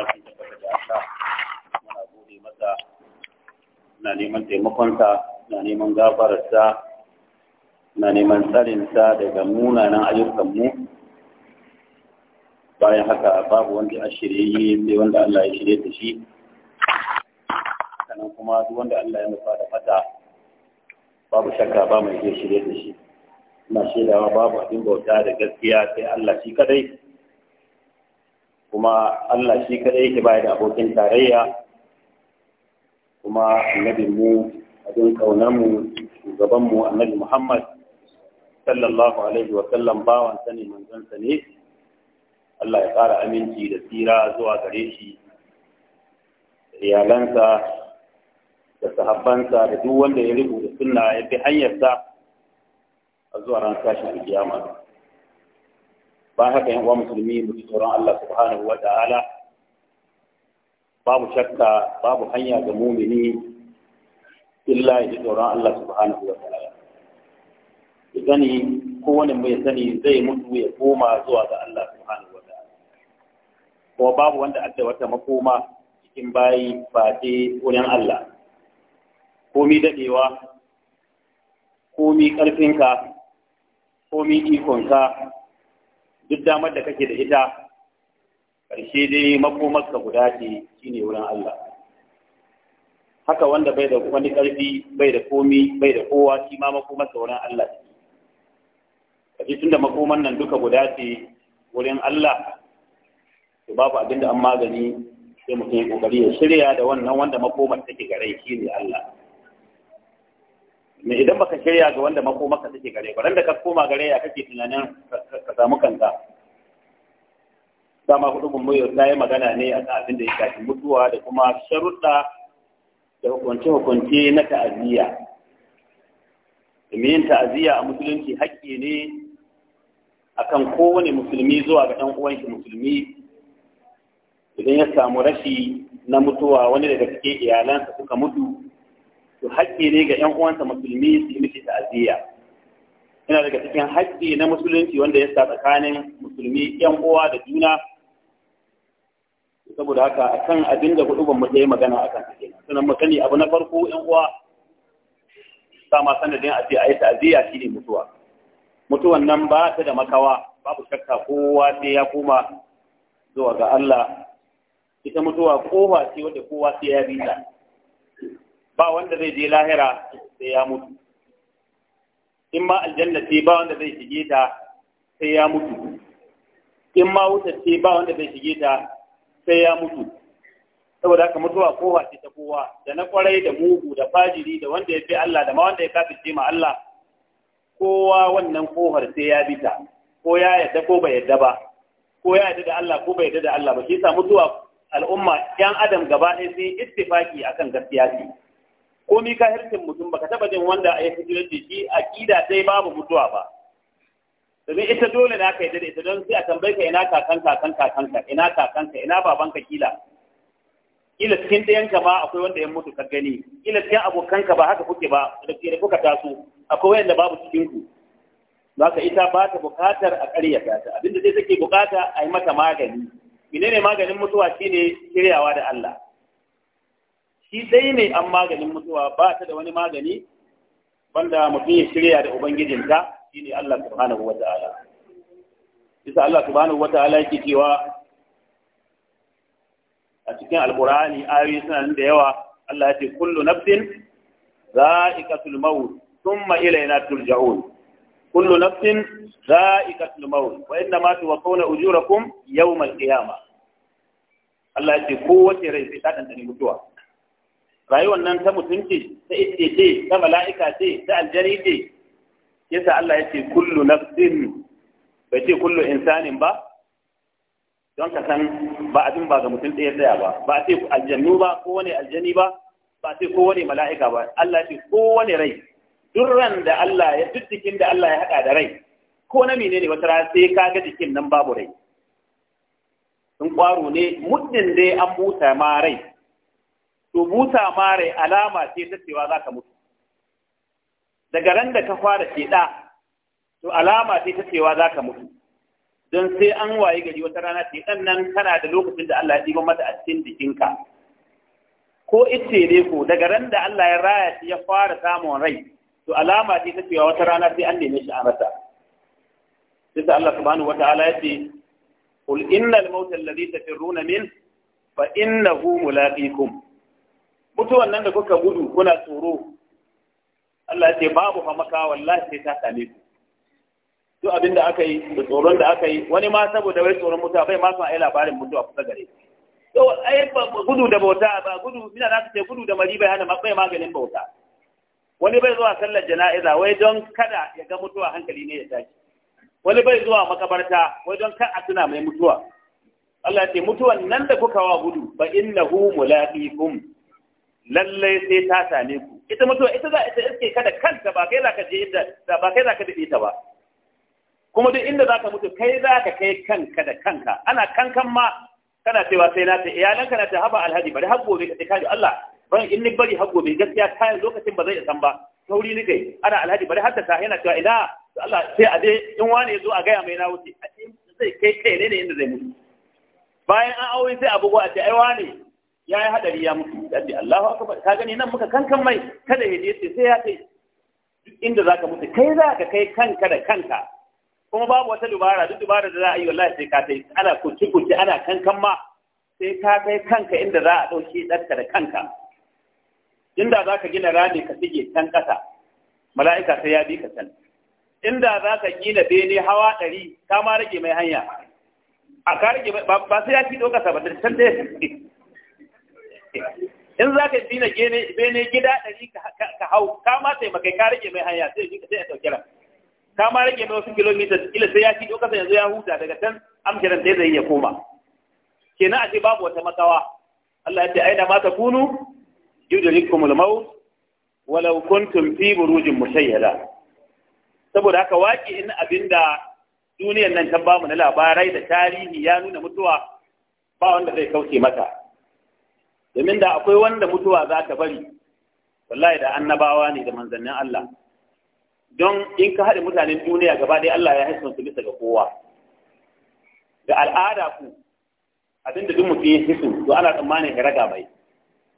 ikhlasi da baka da Allah muna gode masa na neman taimakonsa na neman gafararsa na neman tsarinsa daga munanan ayyukanmu bayan haka babu wanda a shirye sai wanda Allah ya shirye ta shi sannan kuma duk wanda Allah ya nufa da mata, babu shakka ba mai zai shirye ta shi ina shaidawa babu abin bauta da gaskiya sai Allah shi kadai kuma Allah shi kadai yake baya da abokin tarayya kuma annabi mu abin kaunan mu shugaban mu annabi Muhammad sallallahu alaihi wa sallam bawan sani manzon ne Allah ya ƙara aminci da tsira zuwa gare shi iyalansa da sahabbansa da duk wanda ya rubuta sunna ya bi hanyarsa a zuwa ran tashin alkiyama ba haka yan uwa musulmi tsoron Allah subhanahu wa ta'ala babu shakka babu hanya ga mumini illa ya ji tsoron Allah subhanahu wa ta'ala ya sani kowane mai sani zai mutu ya koma zuwa ga Allah subhanahu wa ta'ala ko babu wanda adda wata makoma cikin bayi ba ce wurin Allah komi dadewa komi karfinka komi ikonka duk damar da kake da ita ƙarshe dai makomarka guda ce shi ne wurin Allah haka wanda bai da wani ƙarfi bai da komi bai da kowa shi ma makomarsa wurin Allah ce tun da makoman nan duka guda ce wurin Allah to babu abin da an magani sai mutum ya ƙoƙari ya shirya da wannan wanda makomar take gare shi ne Allah me idan baka shirya ga wanda makomaka take gare ba ran da ka koma gare ya kake tunanin ka samu kanka dama hudu gumbayo ta yi magana ne a kan abin da ya shafi mutuwa da kuma sharuɗa da hukunce-hukunce na ta'aziyya domin ta'aziyya a musulunci haƙƙi ne akan kowane musulmi zuwa ga ɗan uwanshi musulmi idan ya samu rashi na mutuwa wani daga cikin iyalansa suka mutu to haƙƙi ne ga 'yan uwansa musulmi su yi mishi ta'aziyya yana daga cikin haƙƙi na musulunci wanda ya sa tsakanin musulmi 'yan uwa da juna saboda haka akan abin da kudu ban mu magana a kan cikin. sannan abu na farko 'yan uwa sama sanadin a ce a yi ta'aziyya ne mutuwa mutuwan nan ba ta da makawa babu shakka kowa sai ya koma zuwa ga Allah ita mutuwa kowa ce wanda kowa sai ya bi ta ba wanda zai je lahira sai ya mutu in ma aljanna ce ba wanda zai shige ta sai ya mutu in ma wuta ce ba wanda zai shige ta sai ya mutu saboda haka mutuwa kowa ce ta kowa da na kwarai da mugu da fajiri da wanda ya fi Allah da ma wanda ya kafirce ma Allah kowa wannan kohar sai ya bita ko ya yadda ko bai yadda ba ko ya yadda da Allah ko bai yadda da Allah ba shi yasa mutuwa al'umma yan adam gaba ɗaya sai ittifaki akan gaskiya ce ko mi ka harshen mutum baka taba jin wanda a yi da shi kida sai babu mutuwa ba domin ita dole na kai da ita don sai a tambayi ka ina kakan kakan kakan ina kakan ka ina baban ka kila kila cikin ɗayan ka ba akwai wanda ya mutu ka gani kila cikin abokan ka ba haka kuke ba da ke kuka taso akwai wanda babu cikin ku ka ita ba ta bukatar a ƙarya ta abinda dai take bukata a yi mata magani menene maganin mutuwa shine shiryawa da Allah shi dai ne an maganin mutuwa ba ta da wani magani banda mutum ya shirya da ubangijinta shi ne Allah subhanahu wata'ala bisa Allah subhanahu wata'ala yake cewa a cikin alqur'ani ayoyi suna da yawa Allah ya ce kullu nafsin za'iqatul maut thumma ilayna turja'un kullu nafsin za'iqatul maut wa inna ma tuwaffawna ujurakum yawmal qiyamah Allah ya ce kowace rai sai ta dandane mutuwa rayuwar nan ta mutunci ta iske ce ta mala'ika ce ta aljari ce yasa Allah ya ce kullu nafsin bai ce kullu insanin ba don ka san ba abin ba ga mutum ɗaya tsaya ba ba a ce aljannu ba ko wani aljani ba ba a ce ko wani mala'ika ba Allah ya ce ko wani rai duk ran da Allah ya duk jikin da Allah ya haɗa da rai ko na menene wata rana sai ka ga jikin nan babu rai in ƙwaro ne muddin dai an busa ma rai to busa mare alama ce ta cewa za ka mutu daga ran da ka fara ɗa, to alama ce ta cewa za ka mutu don sai an waye gari wata rana sheɗan nan tana da lokacin da Allah ya ɗiba mata a cikin jikinka ko ice ne ko daga ran da Allah ya raya shi ya fara samun rai to alama ce ta cewa wata rana sai an neme shi a masa sai Allah subhanahu wataala yace qul innal mauta alladhi tafirruna min fa innahu mulaqikum mutuwan nan da kuka gudu kuna tsoro Allah ya ce babu famaka wallahi sai ta same ku to abin da aka yi da tsoron da aka yi wani ma saboda wai tsoron mutuwa bai ma san ai labarin mutuwa kusa gare to ai gudu da bauta ba gudu ina za ce gudu da mari bai hana bai maganin bauta wani bai zuwa sallar jana'iza wai don kada ya ga mutuwa hankali ne ya tashi wani bai zuwa makabarta wai don kar a tuna mai mutuwa Allah ya ce mutuwan nan da kuka wa gudu ba innahu mulaqikum lallai sai ta same ku ita mutuwa ita za ita iske kada kanta ba kai zaka je inda ba kai zaka dade ta ba kuma duk inda zaka mutu kai zaka kai kanka da kanka ana kankan ma kana cewa sai na ta iyalanka na ta haba alhaji bari har gobe ka kaji Allah ban in ni bari har gobe gaskiya kayan lokacin ba zai san ba sauri ni kai ana alhaji bari har ta ta yana cewa ina Allah sai a je in wani ya zo a gaya mai na wuce a cikin zai kai kai ne ne inda zai mutu bayan an aure sai a a ce ai wani ya yi hadari ya mutu da ce Allahu akbar ka gani nan muka kankan mai kada ya je sai ya kai duk inda zaka mutu kai zaka kai kanka da kanka kuma babu wata dubara duk dubara da za a yi wallahi sai ka kai ana kuci kuci ana kankan ma sai ka kai kanka inda za a dauke ɗanka da kanka inda zaka gina rami ka sige can ƙasa mala'ika sai ya bi ka can inda zaka gina bene hawa ɗari ka ma rage mai hanya a ka rage ba sai ya fi ɗaukasa ba da can da in za ka gina bene gida ɗari ka hau ka ma taimakai ka rage mai hanya sai ka sai a ɗauki ran ka ma rage mai wasu kilomita kila sai ya fi ɗauka sai yanzu ya huta daga can amshirin sai zai ya koma kenan a ce babu wata matsawa. Allah ya ce aina mata kunu yudrikum al-maut walau kuntum fi burujin mushayyada saboda haka waki in abinda duniyar nan ta bamu na labarai da tarihi ya nuna mutuwa ba wanda zai kauce mata domin da akwai wanda mutuwa za ta bari wallahi da annabawa ne da manzannin Allah don in ka haɗe mutanen duniya gaba ɗaya Allah ya hisan su bisa ga kowa ga al'ada ku abinda duk mutum ya hisu to ana tsammanin ya raga mai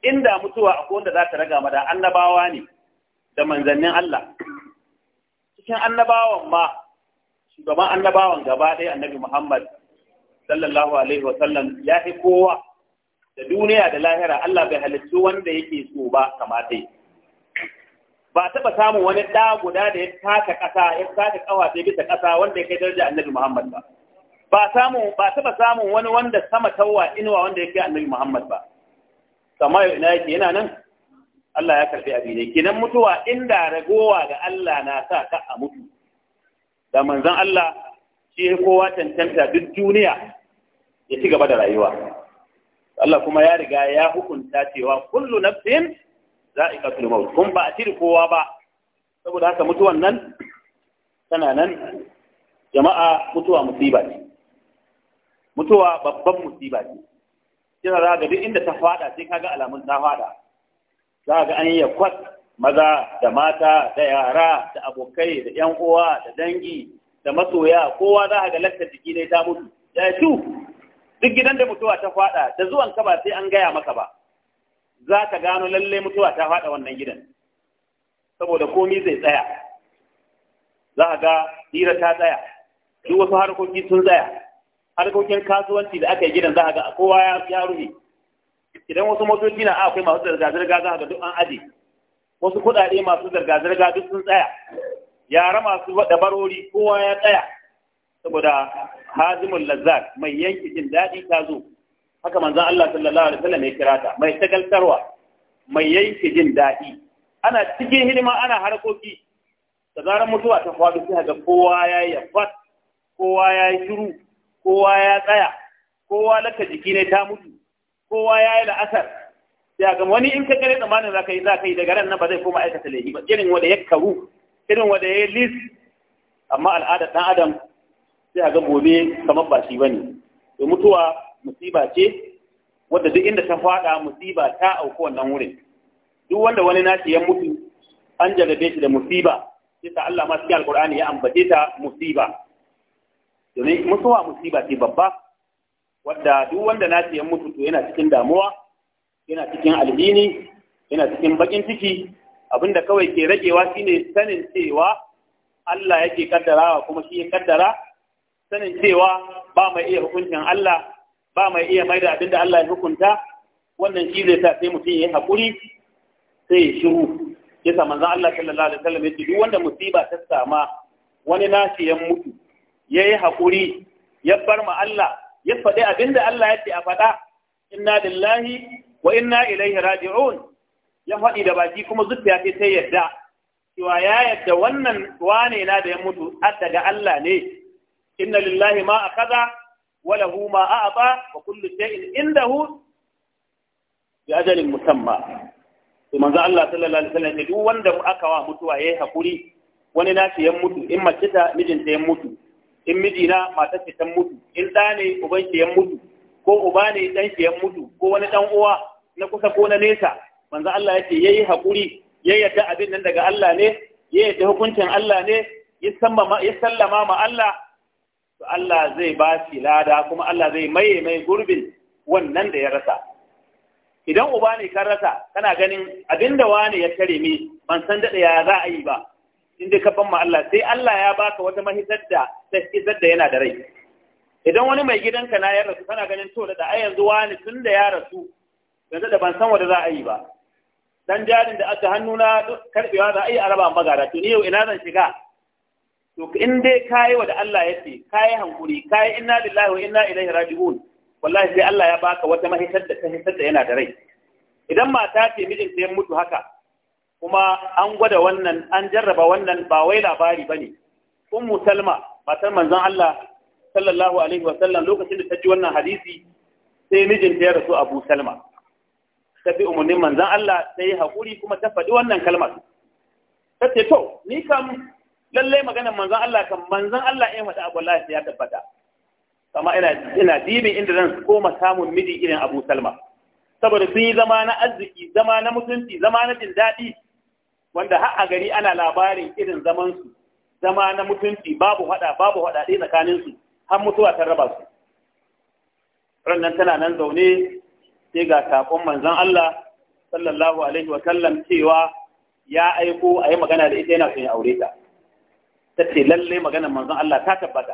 inda mutuwa akwai wanda za ta raga ma da annabawa ne da manzannin Allah cikin annabawan ma shugaban annabawan gaba ɗaya annabi Muhammad sallallahu alaihi wa sallam ya fi kowa da duniya da lahira Allah bai halittu wanda yake so ba kamata ba taɓa samun wani ɗa guda da ya taka ƙasa ya taka ƙawa sai bisa kasa wanda ya kai daraja annabi Muhammad ba ba samu ba taɓa samun wani wanda sama tawwa inuwa wanda ya annabi Muhammad ba kamar ina yake yana nan Allah ya karɓi abi ne kenan mutuwa inda ragowa ga Allah na sa ka a mutu da manzon Allah shi kowa tantanta duk duniya ya ci gaba da rayuwa Allah kuma ya riga ya hukunta cewa kullu nafsin za'iqatul maut kun ba a tiri kowa ba saboda haka mutuwan nan tana nan jama'a mutuwa musiba ce mutuwa babban musiba ce kina za ga duk inda ta fada sai kaga alamun ta fada za ga an yi kwat maza da mata da yara da abokai da yan uwa da dangi da masoya kowa za ga lakta jiki ne ta mutu ya tu duk gidan da mutuwa ta fada da zuwan ka ba sai an gaya maka ba za ka gano lalle mutuwa ta fada wannan gidan saboda komi zai tsaya za ka ga hira ta tsaya duk wasu harkoki sun tsaya harkokin kasuwanci da aka yi gidan za ka ga kowa ya rufe idan wasu motoci na akwai masu zirga-zirga za ka ga duk an aje wasu kuɗaɗe masu zirga-zirga duk sun tsaya yara masu dabarori kowa ya tsaya saboda hazimul lazzat mai yanki jin daɗi ta zo haka manzon Allah sallallahu alaihi wasallam ya kira ta mai tagaltarwa mai yanki jin daɗi ana cikin hidima ana harkoki da zaran mutuwa ta faɗo sai ga kowa ya yi fat kowa ya yi shiru kowa ya tsaya kowa laka jiki ne ta mutu kowa ya yi la'asar sai ga wani in ka gane tsammanin za ka yi za ka yi daga ran nan ba zai koma aikata laifi ba irin wanda ya karu irin wanda ya yi lis amma al'adar ɗan adam sai a ga gobe kamar ba shi ba ne to mutuwa musiba ce wadda duk inda ta faɗa musiba ta auku wannan wurin duk wanda wani nashi ya mutu an jarabe shi da musiba sai ta Allah ma cikin alkur'ani ya ambace ta musiba domin mutuwa musiba ce babba wadda duk wanda nashi ya mutu to yana cikin damuwa yana cikin alhini yana cikin bakin ciki abinda kawai ke ragewa shine sanin cewa Allah yake kaddarawa kuma shi ya kaddara sanin cewa ba mai iya hukuncin Allah ba mai iya mai da abin da Allah ya hukunta wannan shi zai sa sai mutum ya haƙuri sai ya shiru ya sa manzon Allah sallallahu alaihi wasallam ya duk wanda musiba ta sama wani nashi ya mutu ya yi haƙuri ya bar ma Allah ya faɗi abin da Allah ya ce a faɗa inna lillahi wa inna ilaihi raji'un ya faɗi da baki kuma zuciya sai ta yadda cewa ya yadda wannan wane na da ya mutu daga Allah ne inna lillahi ma akaza wa lahu ma a'ata wa kullu shay'in indahu bi ajalin musamma to manzo Allah sallallahu alaihi wasallam duk wanda aka wa mutuwa yayi hakuri wani nashi yan mutu in mace ta mijinta yan mutu in mijina matar ta mutu in da ne uban yan mutu ko uba ne dan shi yan mutu ko wani ɗan uwa na kusa ko na nesa manzo Allah yake yayi hakuri yayyata abin nan daga Allah ne yayyata hukuncin Allah ne ya sallama ma Allah to Allah zai ba shi lada kuma Allah zai maye mai gurbin wannan da ya rasa idan uba ne kan rasa kana ganin abinda wani ya tare mi, ban san daɗa ya za a yi ba in dai ka ban ma Allah sai Allah ya baka wata mahitar da ta hitar da yana da rai idan wani mai gidanka na ya rasu kana ganin to da ai yanzu wani tun da ya rasu yanzu da ban san wanda za a yi ba dan jarin da aka hannuna karbewa za a yi araba magara to ni yau ina zan shiga to in dai kayi wa da Allah ya ce kayi hankuri kayi inna lillahi wa inna ilaihi raji'un wallahi sai Allah ya baka wata mahitar da ta hitar da yana da rai idan mata ce mijin ta ya mutu haka kuma an gwada wannan an jarraba wannan ba wai labari bane ummu salma matar manzon Allah sallallahu alaihi wa sallam lokacin da ta ji wannan hadisi sai mijinta ya rasu Abu Salma ta bi umarnin manzon Allah sai hakuri kuma ta faɗi wannan kalmar ta ce to ni kam lallai maganar manzon Allah kan manzon Allah ya faɗa abu Allah ya tabbata Kama ina ina dibin inda zan koma samun miji irin Abu Salma saboda sun yi zama na arziki zama na mutunci zama na jin daɗi wanda har a gari ana labarin irin zaman su zama na mutunci babu hada babu hada ɗaya tsakanin su har mutuwa ta raba su rannan tana nan zaune sai ga sakon manzon Allah sallallahu alaihi wa sallam cewa ya aiko a yi magana da ita yana son ya aure ta ta ce lalle maganar manzon Allah ta tabbata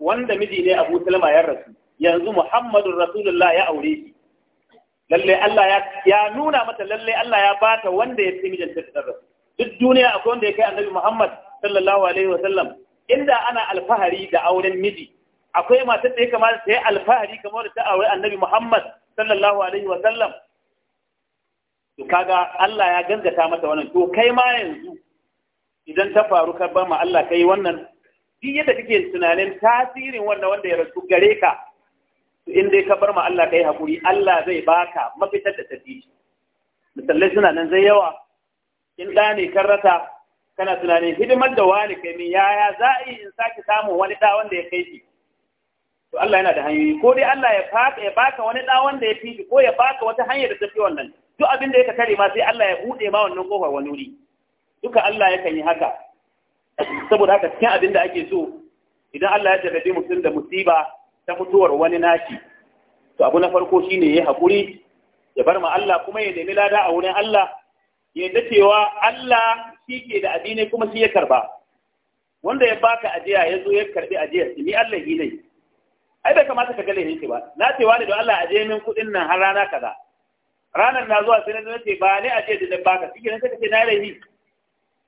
wanda miji ne Abu Salma ya rasu yanzu Muhammadu Rasulullah ya aure shi lalle Allah ya ya nuna mata lalle Allah ya bata wanda ya fi mijin ta rasu duk duniya akwai wanda ya kai Annabi Muhammad sallallahu alaihi wa sallam inda ana alfahari da auren miji akwai matar da ya kamata ta yi alfahari kamar ta aure Annabi Muhammad sallallahu alaihi wa sallam to kaga Allah ya gangata mata wannan to kai ma yanzu idan ta faru ka ba ma Allah kai wannan duk yadda kake tunanin tasirin wannan wanda ya rasu gare ka in dai ka bar ma Allah kai hakuri Allah zai baka mafitar da tafi misalai suna nan zai yawa in ɗa ne kan rasa kana tunanin hidimar da wani kai min yaya za a yi in sake samun wani ɗa wanda ya kai shi to Allah yana da hanyoyi ko dai Allah ya faka ya baka wani ɗa wanda ya fi ko ya baka wata hanyar da tafi wannan duk abin da ya ka kare ma sai Allah ya buɗe ma wannan kofar wani wuri duka Allah yakan yi haka saboda haka cikin abin da ake so idan Allah ya jarrabe mutum da musiba ta mutuwar wani nashi to abu na farko shine yayi hakuri ya bar ma Allah kuma ya nemi lada a wurin Allah ya da cewa Allah shi ke da abi kuma shi ya karba wanda ya baka ajiya ya zo ya karbi ajiyar ni Allah yi nai. ai bai kamata ka gale shi ba na ce wani don Allah ajiye min kuɗin nan har rana kaza ranar na zuwa sai na ce ba ni ajiye da baka shi ne sai ka ce na rahi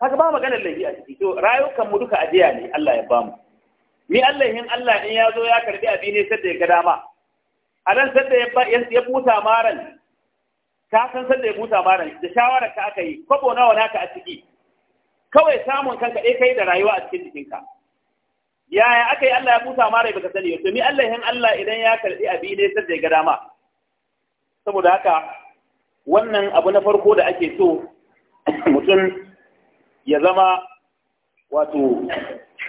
haka ba maganar laifi a ciki to rayukan mu duka ajiya ne Allah ya bamu ni Allah yin Allah in ya zo ya karbi abi ne da ya ga dama a nan da ya ya buta maran ka san da ya buta maran da shawarar ka aka yi kwabo nawa naka a ciki kawai samun kanka dai kai da rayuwa a cikin jikinka yaya aka yi Allah ya buta maran baka sani to ni Allah yin Allah idan ya karbi abi ne da ya ga dama saboda haka wannan abu na farko da ake so mutum ya zama wato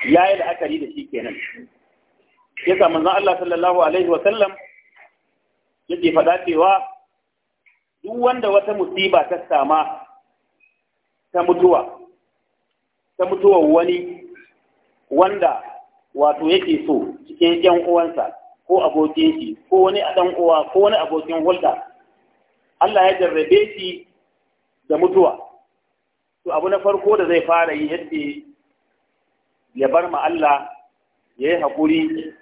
ya yi la'akari da shi kenan ya samu manzon Allah sallallahu alaihi wa sallam yake faɗa cewa duk wanda wata musiba ta sama ta mutuwa ta mutuwar wani wanda wato yake so cikin yan uwansa ko abokin shi ko wani dan uwa ko wani abokin hulɗa Allah ya jarrabe shi da mutuwa to abu na farko da zai fara yi yadda ya bar ma Allah ya yi haƙuri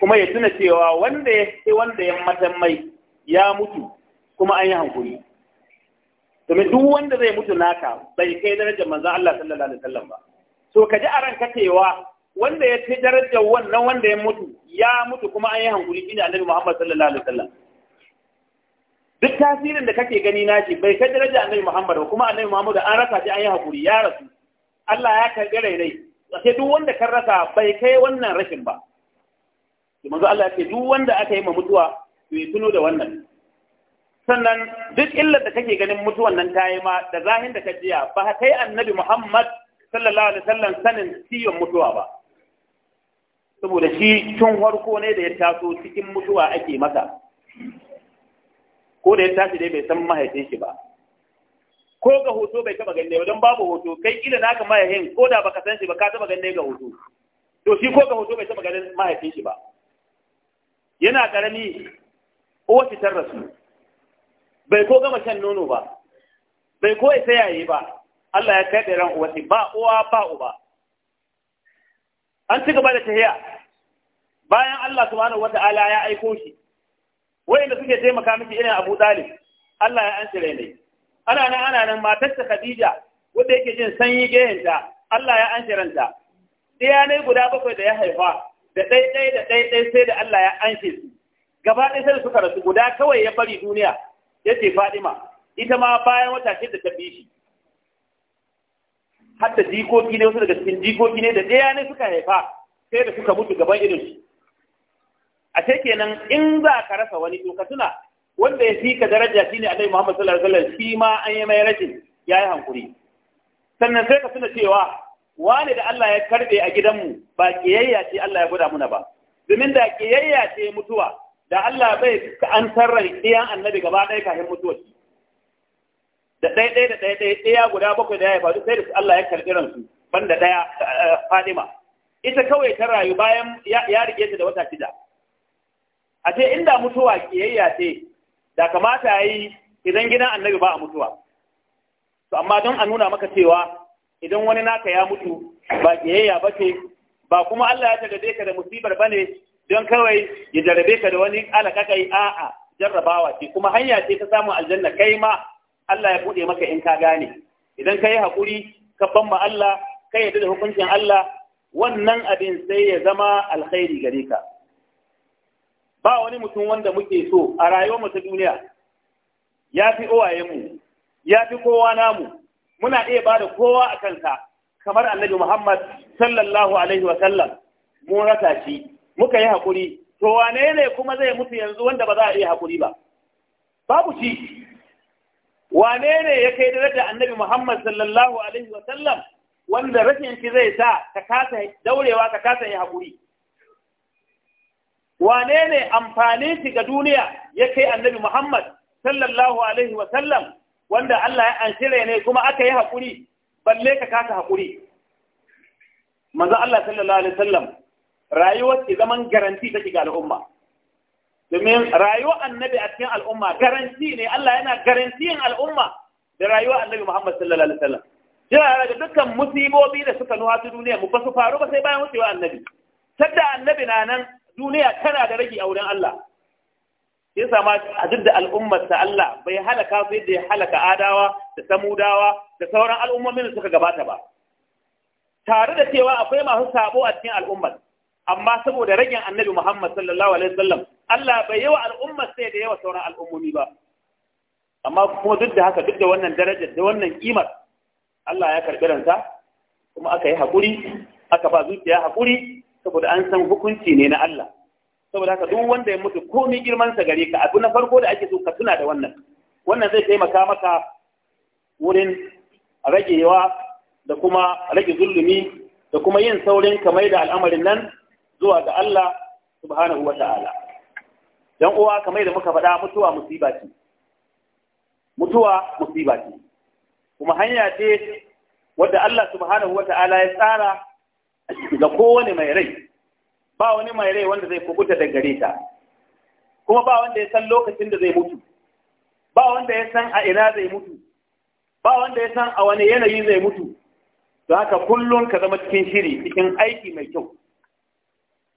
kuma ya tuna cewa wanda ya ce wanda ya matan mai ya mutu kuma an yi haƙuri domin duk wanda zai mutu naka bai kai darajar manzan Allah sallallahu alaihi wasallam ba so ka ji a ranka cewa wanda ya fi darajar wannan wanda ya mutu ya mutu kuma an yi hankuri shine annabi Muhammad sallallahu alaihi wasallam duk tasirin da kake gani na shi bai kai daraja annabi Muhammad ba kuma annabi Muhammad an rasa shi an yi hakuri ya rasu Allah ya karbi rainai sai duk wanda kan rasa bai kai wannan rashin ba manzo Allah ya duk wanda aka yi ma mutuwa to ya tuno da wannan sannan duk illar da kake ganin mutuwan nan ta yi ma da zahin da ka jiya ba kai annabi Muhammad sallallahu alaihi wasallam sanin ciwon mutuwa ba saboda shi tun farko ne da ya taso cikin mutuwa ake masa ko da ya tashi dai bai san mahaifin shi ba ko ga hoto bai taba ganin ba don babu hoto kai kila naka mahaifin ko da baka san shi ba ka taba ganin ga hoto to shi ko ga hoto bai taba ganin mahaifin shi ba yana karami uwace ta su. bai ko gama shan nono ba bai ko isa yayi ba Allah ya kai ran uwa ba uwa ba uba an ci gaba da tahiya bayan Allah subhanahu wata'ala ya aiko shi da suke taimaka miki irin Abu dalib Allah ya an cire ne ana nan ana nan matar ta Khadija wanda yake jin sanyi gehenta Allah ya an ciranta ɗaya ne guda bakwai da ya haifa da ɗaiɗai da ɗaiɗai sai da Allah ya an su gaba ɗaya sai suka rasu guda kawai ya bari duniya yace Fadima ita ma bayan wata shida ta bi shi hatta jikoki ne wasu daga cikin jikoki ne da ɗaya ne suka haifa sai da suka mutu gaban idon shi a ce kenan in za ka rasa wani to ka tuna wanda ya fi ka daraja shine Annabi Muhammad sallallahu alaihi wasallam shi ma an yi mai rashin yayi hankuri sannan sai ka tuna cewa wani da Allah ya karbe a gidanmu ba kiyayya ce Allah ya gwada muna ba domin da kiyayya ce mutuwa da Allah bai ka an sarrai iyan annabi gaba ɗaya kafin mutuwa da ɗaya ɗaya da ɗaya ɗaya ɗaya guda bakwai da ya faru sai da Allah ya karɓi ransu banda ɗaya eh, Fadima ita kawai ta rayu bayan ya rike ta da wata shida a ce inda mutuwa kiyayya ce da kamata ya yi idan gidan annabi ba a mutuwa to amma don a nuna maka cewa idan wani naka ya mutu ba kiyayya ba ce ba kuma Allah ya jarabe ka da musibar ba ne don kawai ya jarabe ka da wani alakakai a'a jarrabawa ce kuma hanya ce ta samun aljanna kai ma Allah ya bude maka in ka gane idan ka yi haƙuri ka ban ma Allah ka yarda da hukuncin Allah wannan abin sai ya zama alkhairi gare ka ba wani mutum wanda muke so a rayuwar mu ta duniya ya fi mu ya fi kowa namu muna iya ba da kowa a kansa kamar annabi Muhammad sallallahu alaihi wa sallam mun rasa shi muka yi haƙuri to wane ne kuma zai mutu yanzu wanda ba za a iya haƙuri ba babu shi wane ne ya kai da annabi Muhammad sallallahu alaihi wa sallam wanda rashin shi zai sa ka kasa daurewa ka kasa yi hakuri? wane ne amfanin shi ga duniya ya kai annabi Muhammad sallallahu alaihi wa sallam wanda Allah ya anshire ne kuma aka yi haƙuri balle ka kasa haƙuri manzo Allah sallallahu alaihi wa sallam rayuwar ke zaman garanti take ga al'umma domin rayuwar annabi a cikin al'umma garanti ne Allah yana garantiyin al'umma da rayuwar annabi Muhammad sallallahu alaihi wa sallam jira daga dukkan musibobi da suka nuha duniya mu ba su faru ba sai bayan wucewa annabi sadda annabi na nan duniya tana da rage a wurin Allah sai sama a duk da al'ummar ta Allah bai halaka sai da ya halaka adawa da samudawa da sauran al'ummomin da suka gabata ba tare da cewa akwai masu sabo a cikin al'ummar amma saboda ragin annabi Muhammad sallallahu alaihi wasallam Allah bai yawa al'ummar sai da yawa sauran al'ummomi ba amma kuma duk da haka duk da wannan darajar da wannan kimar Allah ya karɓi ranta kuma aka yi hakuri aka ba zuciya hakuri saboda an san hukunci ne na Allah saboda haka duk wanda ya mutu komai girman sa gare ka abu na farko da ake so ka tuna da wannan wannan zai taimaka maka wurin ragewa da kuma rage zulumi da kuma yin saurin kamar da al'amarin nan zuwa ga Allah subhanahu dan uwa kamar da muka faɗa mutuwa musiba ce mutuwa musiba ce kuma hanya ce wadda Allah subhanahu ya tsara ga kowane mai rai ba wani mai rai wanda zai kubuta da gare ta kuma ba wanda ya san lokacin da zai mutu ba wanda ya san a ina zai mutu ba wanda ya san a wani yanayi zai mutu don haka kullum ka zama cikin shiri cikin aiki mai kyau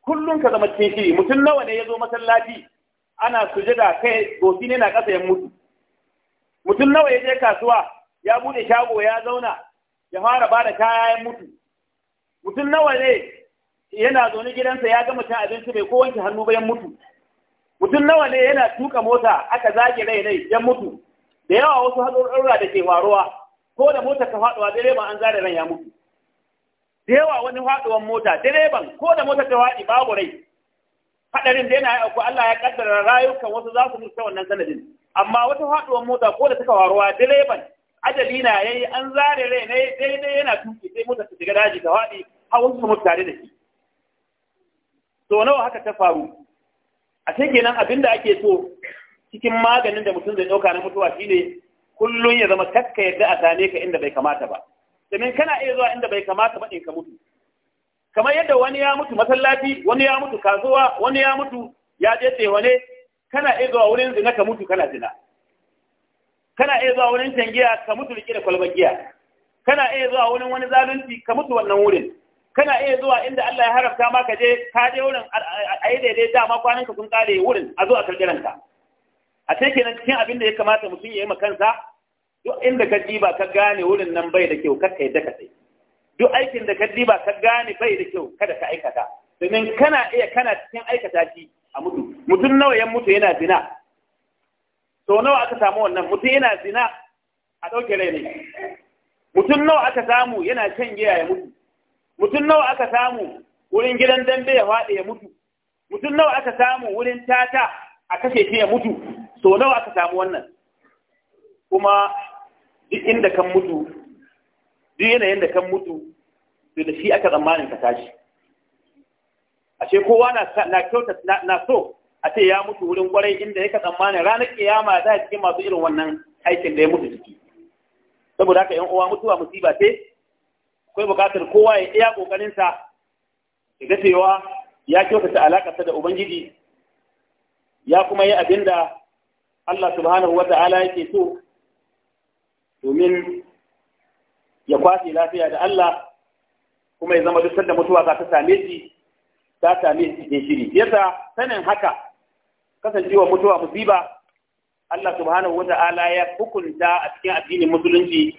kullum ka zama cikin shiri mutum nawa ne ya zo masallaci ana sujada kai goshi ne na ƙasa ya mutu mutum nawa ya je kasuwa ya bude shago ya zauna ya fara bada da kaya ya mutu mutum nawa ne yana zaune gidansa ya gama cin abinci bai ko wanke hannu ba ya mutu mutum nawa ne yana tuka mota aka zage rai rai ya mutu da yawa wasu hatsarurra da ke faruwa ko da mota ka faduwa direban an zare ran ya mutu da yawa wani faduwan mota direban ko da mota ta fadi babu rai hadarin da yana aiko Allah ya kaddara rayukan wasu za su mutu ta wannan sanadin amma wata faduwan mota ko da suka faruwa direban ajali na yayi an zare rai ne daidai yana tuki sai mota ta shiga daji ta fadi hawan su mutu tare da shi to nawa haka ta faru a ce kenan abin da ake so cikin maganin da mutum zai ɗauka na mutuwa shine kullum ya zama kakka yadda a sane ka inda bai kamata ba domin kana iya zuwa inda bai kamata ba in ka mutu kamar yadda wani ya mutu masallaci wani ya mutu kasuwa wani ya mutu ya je tewane kana iya zuwa wurin zina ka mutu kana zina kana iya zuwa wurin giya ka mutu riƙe da kwalbar giya kana iya zuwa wurin wani zalunci ka mutu wannan wurin kana iya zuwa inda Allah ya haramta ma ka je ka je wurin a yi daidai dama kwanan ka sun kare wurin a zo a ka. a ce kenan cikin abin da ya kamata mutum ya yi makansa duk inda ka diba ka gane wurin nan bai da kyau kar ka yadda ka sai duk aikin da ka diba ka gane bai da kyau kada ka aikata domin kana iya kana cikin aikata shi a mutu mutum nawa ya mutu yana zina to nawa aka samu wannan mutum yana zina a ɗauke rai ne mutum nawa aka samu yana shan giya ya mutu mutum nawa aka samu wurin gidan dambe ya faɗi ya mutu mutum nawa aka samu wurin tata a kashe shi ya mutu so nawa aka samu wannan kuma duk inda kan mutu duk yanayin da kan mutu to da shi aka tsammanin ka tashi ashe kowa na na kyauta na so a ce ya mutu wurin kwarai inda yake tsammanin ranar kiyama za a cikin masu irin wannan aikin da ya mutu ciki saboda haka yan uwa mutuwa musiba ce akwai bukatar kowa ya iya kokarinsa ga cewa ya kyautata alakarsa da ubangiji ya kuma yi abin da Allah subhanahu wa ta'ala yake so domin ya kwashe lafiya da Allah kuma ya zama duk da mutuwa za ta same shi ta same shi cikin shiri yasa sanin haka kasancewa mutuwa musiba Allah subhanahu wa ta'ala ya hukunta a cikin addinin musulunci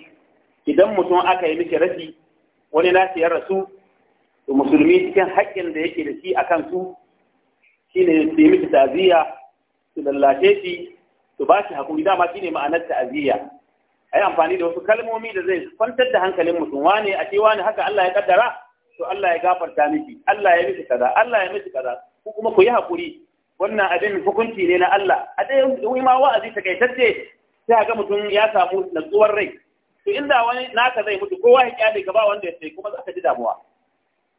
idan mutum aka yi miki rashi wani nashi ya rasu musulmi cikin haƙƙin da yake da shi a su, shi ne su yi miki ta'aziyya su lalace shi su ba shi hakuri dama shi ne ma'anar ta'aziyya a yi amfani da wasu kalmomi da zai kwantar da hankalin mutum wane a cewa ne haka Allah ya kaddara to Allah ya gafarta miki Allah ya miki kaza Allah ya miki kaza ku kuma ku yi hakuri wannan abin hukunci ne na Allah a dai ma wa'azi takaitacce sai ga mutum ya samu natsuwar rai to inda wani naka zai mutu kowa ya kyale gaba wanda ya sai kuma za ka ji damuwa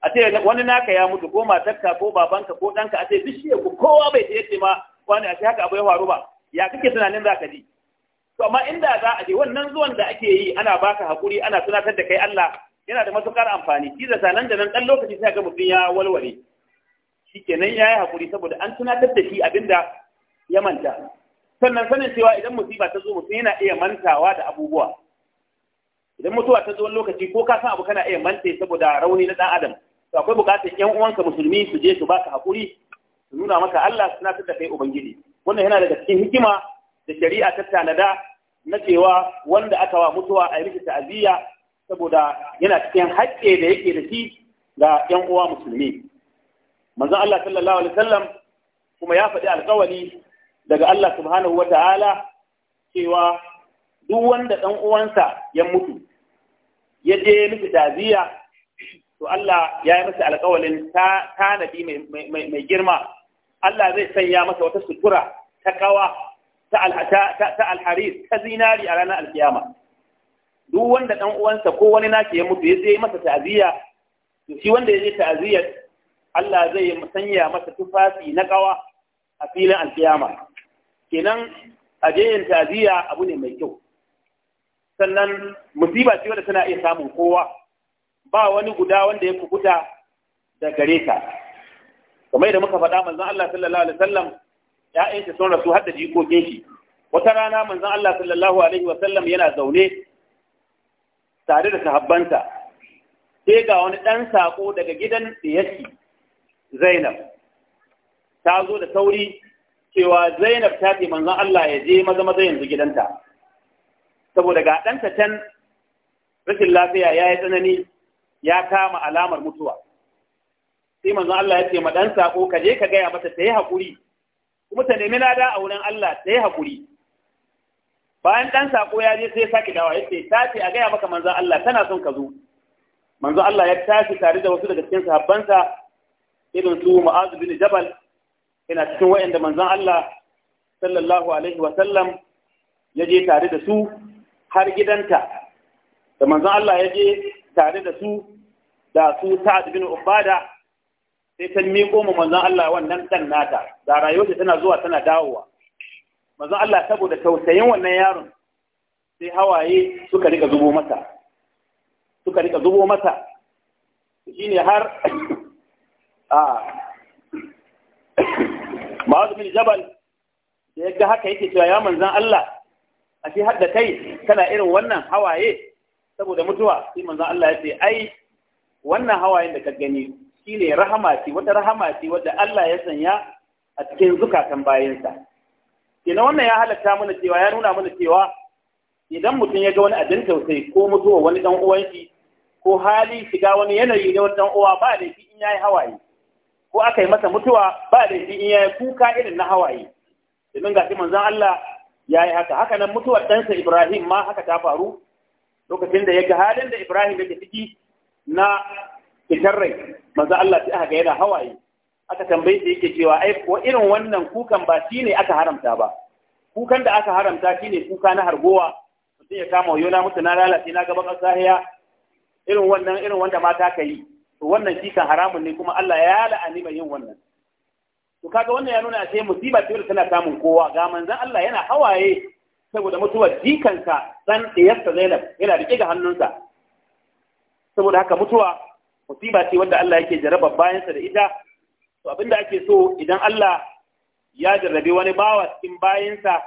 a ce wani naka ya mutu ko matarka ko babanka ko danka, a ce duk shi ku kowa bai ce ma wani a ce haka abu ya faru ba ya kake tunanin za ka ji to amma inda za a je wannan zuwan da ake yi ana baka hakuri ana tunatar da kai Allah yana da matukar amfani shi da sanan da nan dan lokaci sai ga mutum ya walwale shikenan yayi hakuri saboda an tunatar da shi abinda ya manta sannan sanin cewa idan musiba ta zo mutum yana iya mantawa da abubuwa idan mutuwa ta zo lokaci ko ka san abu kana iya mance saboda rauni na dan adam to akwai bukatar yan uwanka musulmi su je su baka hakuri su nuna maka Allah suna da kai ubangiji wannan yana daga cikin hikima da shari'a ta tanada na cewa wanda aka wa mutuwa a yi miki ta'aziyya saboda yana cikin haƙƙe da yake da shi ga yan uwa musulmi manzo Allah sallallahu alaihi wasallam kuma ya faɗi alƙawari daga Allah subhanahu wa ta'ala cewa duk wanda ɗan uwansa ya mutu ya je miki ta'aziya to Allah ya yi masa alƙawalin tanadi mai girma Allah zai sanya masa wata sutura ta kawa ta alharis ta zinari a ranar alkiyama duk wanda ɗan uwansa ko wani naki ya mutu ya je masa ta'aziyya to shi wanda ya je ta'aziyyar Allah zai sanya masa tufafi na kawa a filin alkiyama kenan a yin ta'aziyya abu ne mai kyau sannan musiba ce wadda tana iya samun kowa ba wani guda wanda ya kukuta da gare ta kamar da muka faɗa manzon Allah sallallahu alaihi wasallam sun rasu har da jikokin shi wata rana manzon Allah sallallahu alaihi wasallam yana zaune tare da sahabbansa sai ga wani ɗan sako daga gidan diyarki Zainab ta zo da sauri cewa Zainab ta ce manzon Allah ya je maza maza yanzu gidanta saboda ga ɗanta can rashin lafiya ya yi tsanani ya kama alamar mutuwa sai manzon Allah ya ce ma ɗan saƙo ka je ka gaya mata ta yi haƙuri kuma ta nemi lada a wurin Allah ta yi haƙuri bayan ɗan sako ya je sai ya sake dawa ya ce ta ce a gaya maka manzon Allah tana son ka zo manzon Allah ya tashi tare da wasu daga cikin sahabbansa irin su Mu'adh bin Jabal yana cikin waɗanda manzon Allah sallallahu alaihi wa sallam ya je tare da su har gidanta da manzon Allah ya je tare da su da su Sa'ad bin Ubada sai ta miƙo ma manzon Allah wannan dan nata da rayuwarta tana zuwa tana dawowa manzon Allah saboda tausayin wannan yaron sai hawaye suka rika zubo masa suka rika zubo masa shine har a ma'azumin Jabal da yadda haka yake cewa ya manzan Allah ashe har kai kana irin wannan hawaye saboda mutuwa sai manzon Allah ya ce ai wannan hawayen da ka gani shine rahama ce wata rahama ce wadda Allah ya sanya a cikin zukatan bayansa kenan wannan ya halatta mana cewa ya nuna mana cewa idan mutum ya ga wani abin tausayi ko mutuwa wani dan uwan shi ko hali shiga wani yanayi na wani dan uwa ba da shi in yayi hawaye ko aka yi masa mutuwa ba da shi in yayi kuka irin na hawaye domin ga shi manzon Allah ya yi haka haka nan mutuwar ɗansa ibrahim ma haka ta faru lokacin da ya ga halin da ibrahim yake ciki na fitar rai manzo Allah sai aka yana hawaye aka tambaye shi yake cewa ai ko irin wannan kukan ba ne aka haramta ba kukan da aka haramta shine kuka na hargowa mutum ya kama wayo na mutu na lalace na gaban ƙasa irin wannan irin wanda mata ka yi to wannan shi kan haramun ne kuma Allah ya la'ani mai yin wannan to kaga wannan ya nuna a sai musiba ce tana samun kowa ga manzon Allah yana hawaye saboda mutuwar jikansa dan diyarsa Zainab yana rike ga hannunsa saboda haka mutuwa musiba ce wanda Allah yake jaraba bayansa da ita to abinda ake so idan Allah ya jarrabe wani bawa cikin bayansa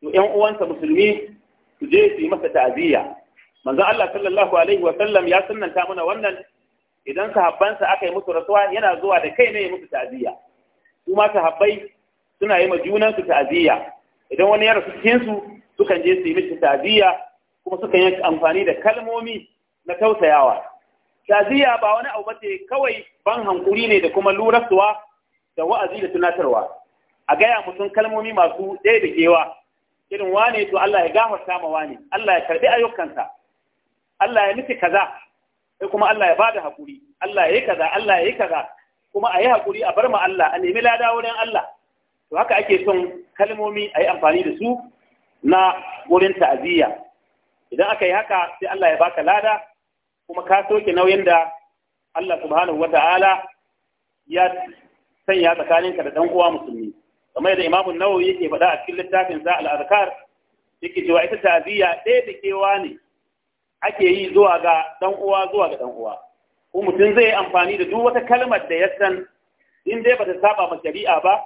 to ƴan uwansa musulmi su je su yi masa ta'aziyya manzon Allah sallallahu alaihi wa sallam ya sunnanta mana wannan idan sahabbansa aka yi musu rasuwa yana zuwa da kai ne ya musu ta'aziyya su ma sahabbai suna yi ma junansu ta'aziyya idan wani ya rasu cikin su sukan je su yi mishi ta'aziyya kuma sukan yi amfani da kalmomi na tausayawa ta'aziyya ba wani abu bace kawai ban hankuri ne da kuma lurasuwa da wa'azi da tunatarwa a gaya mutum kalmomi masu ɗaya da kewa irin wane to Allah ya gafarta ma wane Allah ya karbi ayyukansa Allah ya nufi kaza sai kuma Allah ya bada hakuri Allah ya yi kaza Allah ya yi kaza kuma a yi haƙuri a bar ma Allah a nemi lada wurin Allah to haka ake son kalmomi a yi amfani da su na wurin ta'aziyya idan aka yi haka sai Allah ya baka lada kuma ka soke nauyin da Allah subhanahu wa ta'ala ya sanya tsakaninka da ɗan uwa musulmi kamar yadda imamun nawawi yake faɗa a cikin littafin sa al-azkar yake cewa ita ta'aziyya ɗaya da kewa ne ake yi zuwa ga ɗan uwa zuwa ga ɗan uwa ko mutum zai yi amfani da duk wata kalmar da ya san in dai bata saba ma shari'a ba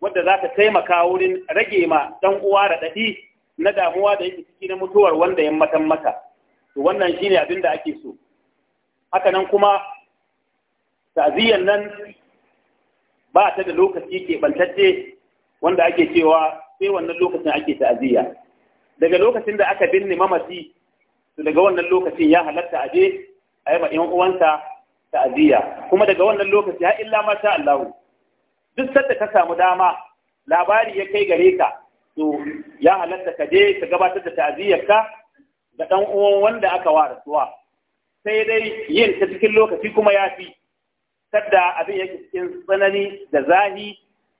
wadda za ta taimaka wurin rage ma dan uwa da raɗaɗi na damuwa da yake ciki na mutuwar wanda ya matan mata to wannan shine abin da ake so haka nan kuma ta'ziyan nan ba ta da lokaci ke bantacce wanda ake cewa sai wannan lokacin ake ta'aziyya daga lokacin da aka binne mamaci to daga wannan lokacin ya halatta a je a yi ma ‘yan uwansa ta'aziyya kuma daga wannan lokaci har illa ma sha Allah duk sadda ka samu dama labari ya kai gare ka to ya halatta ka je ka gabatar da ka ga ɗan uwan wanda aka wa rasuwa sai dai yin ta cikin lokaci kuma ya fi sadda abin yake cikin tsanani da zahi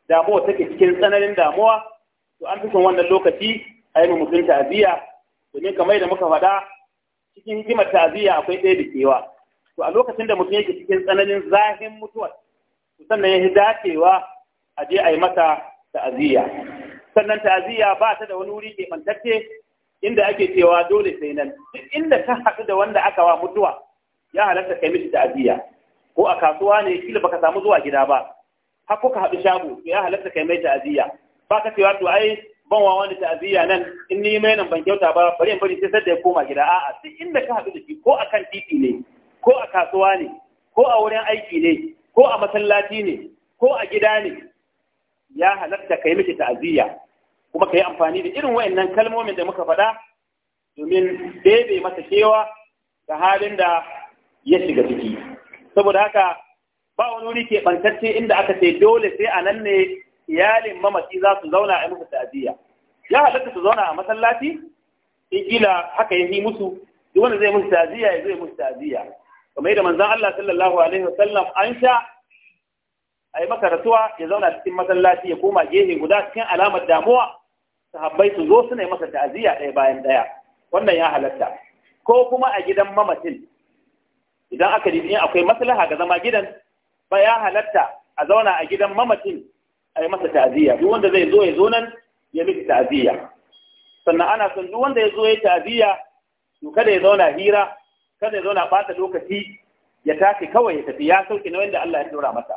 damuwa take cikin tsananin damuwa to an fi son wannan lokaci a yi mutum ta'aziyya domin kamar da muka faɗa cikin hikimar ta'aziyya akwai ɗaya da kewa to a lokacin da mutum yake cikin tsananin zahin mutuwar to sannan ya dacewa a je a yi mata ta'aziyya sannan ta'aziyya ba ta da wani wuri ke keɓantacce inda ake cewa dole sai nan duk inda ka haɗu da wanda aka wa mutuwa ya halatta kai mishi ta'aziyya ko a kasuwa ne kila baka samu zuwa gida ba har kuka haɗu shago to ya halatta kai mai ta'aziyya ba ka cewa to ai ban wa wani ta'aziyya nan in ni mai nan ban kyauta ba bari in bari sai da ya koma gida a'a duk inda ka haɗu da shi ko a kan titi ne ko a kasuwa ne ko a wurin aiki ne ko a masallaci ne ko a gida ne ya halatta kai miki ta'aziyya kuma kai amfani da irin wayannan kalmomin da muka faɗa domin bebe masa kewa da halin da ya shiga ciki saboda haka ba wani wuri ke bantacce inda aka ce dole sai a nan ne iyalin mamaci za su zauna a musu ta'aziyya ya halatta su zauna a masallaci in kila haka yi musu duk wanda zai musu ta'aziyya ya zai musu ta'aziyya kamar yadda manzon Allah sallallahu alaihi wasallam an sha ai maka rasuwa ya zauna cikin masallaci ya koma gehe guda cikin alamar damuwa sahabbai su zo suna masa ta'aziyya ɗaya bayan ɗaya wannan ya halatta ko kuma a gidan mamacin idan aka in akwai maslaha ga zama gidan ba ya halatta a zauna a gidan mamacin a yi masa ta'aziyya duk wanda zai zo ya zo nan ya miki ta'aziyya sannan ana son duk wanda ya zo ya ta'aziyya to kada ya zauna hira kada ya zauna bata lokaci ya tafi, kawai ya tafi ya sauke na wanda Allah ya dora masa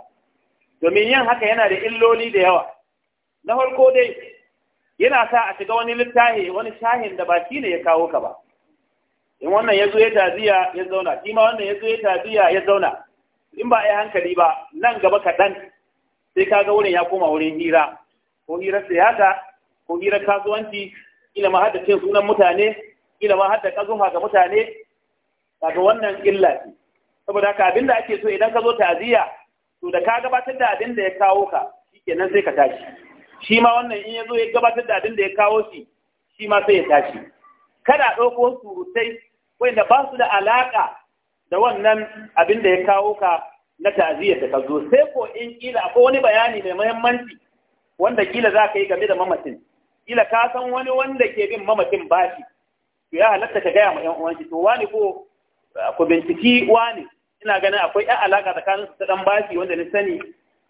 domin yin haka yana da illoli da yawa na farko dai yana sa a shiga wani littafi wani shahin da ba shi ne ya kawo ka ba in wannan ya zo ya taziya ya zauna shi wannan ya zo ya taziya ya zauna in ba a yi hankali ba nan gaba kaɗan sai kaga wurin ya koma wurin hira ko hirar siyasa ko hirar kasuwanci ila ma hadda cin sunan mutane ila ma hadda kazuha ga mutane kaga wannan illa ce saboda haka abin da ake so idan ka zo ta'aziyya to da ka gabatar da abin da ya kawo ka shikenan sai ka tashi shi ma wannan in ya zo ya gabatar da abin da ya kawo shi shi ma sai ya tashi kada a ɗauko surutai wanda ba su da alaƙa da wannan abin da ya kawo ka na ta'aziyar da ka zo sai ko in kila akwai wani bayani mai muhimmanci wanda kila za ka yi game da mamacin kila ka san wani wanda ke bin mamacin shi to ya halatta ka gaya ma yan uwan shi to wani ko ku binciki wani ina ganin akwai yan alaka tsakanin su ta dan shi wanda ni sani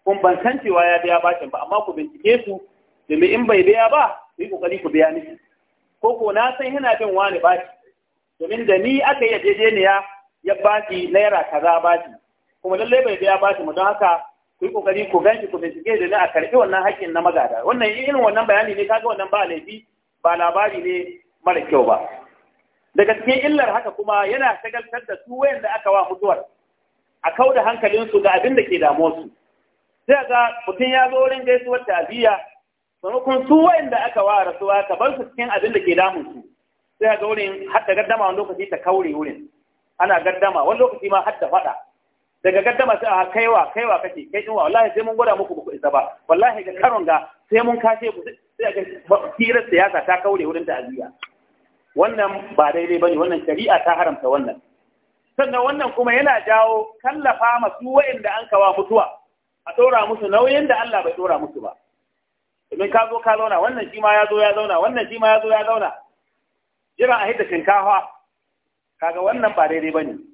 kun ban san cewa ya biya bashin ba amma ku bincike su domin in bai biya ba ku yi kokari ku biya miki ko ko na san yana bin wani shi domin da ni aka yi yarjejeniya ya shi naira kaza shi kuma lallai bai biya bashi mu don haka ku yi kokari ku ganki ku bincike da na a karbi wannan haƙƙin na magada wannan irin wannan bayani ne kaga wannan ba laifi ba labari ne mara kyau ba daga cikin illar haka kuma yana shagaltar da su wayanda aka wa mutuwar a kau da hankalinsu ga abin da ke su sai ga mutum ya zo wurin gaisuwar ta'aziyya sanakun su wayanda aka wa rasuwa ka bar su cikin abin da ke su sai ga wurin hadda gaddama wani lokaci ta kaure wurin ana gaddama wani lokaci ma hadda faɗa daga gaddama sai a kaiwa kaiwa kake kai din wallahi sai mun gwada muku ba ku isa ba wallahi ga karon ga sai mun kashe ku sai ga hirar siyasa ta kaure wurin ta'aziyya wannan ba daidai bane wannan shari'a ta haramta wannan sannan wannan kuma yana jawo kallafa masu wa'inda an kawa mutuwa a ɗora musu nauyin da Allah bai ɗora musu ba domin ka zo ka zauna wannan shi ma ya zo ya zauna wannan shi ma ya zo ya zauna jira a hita shinkafa kaga wannan ba daidai bane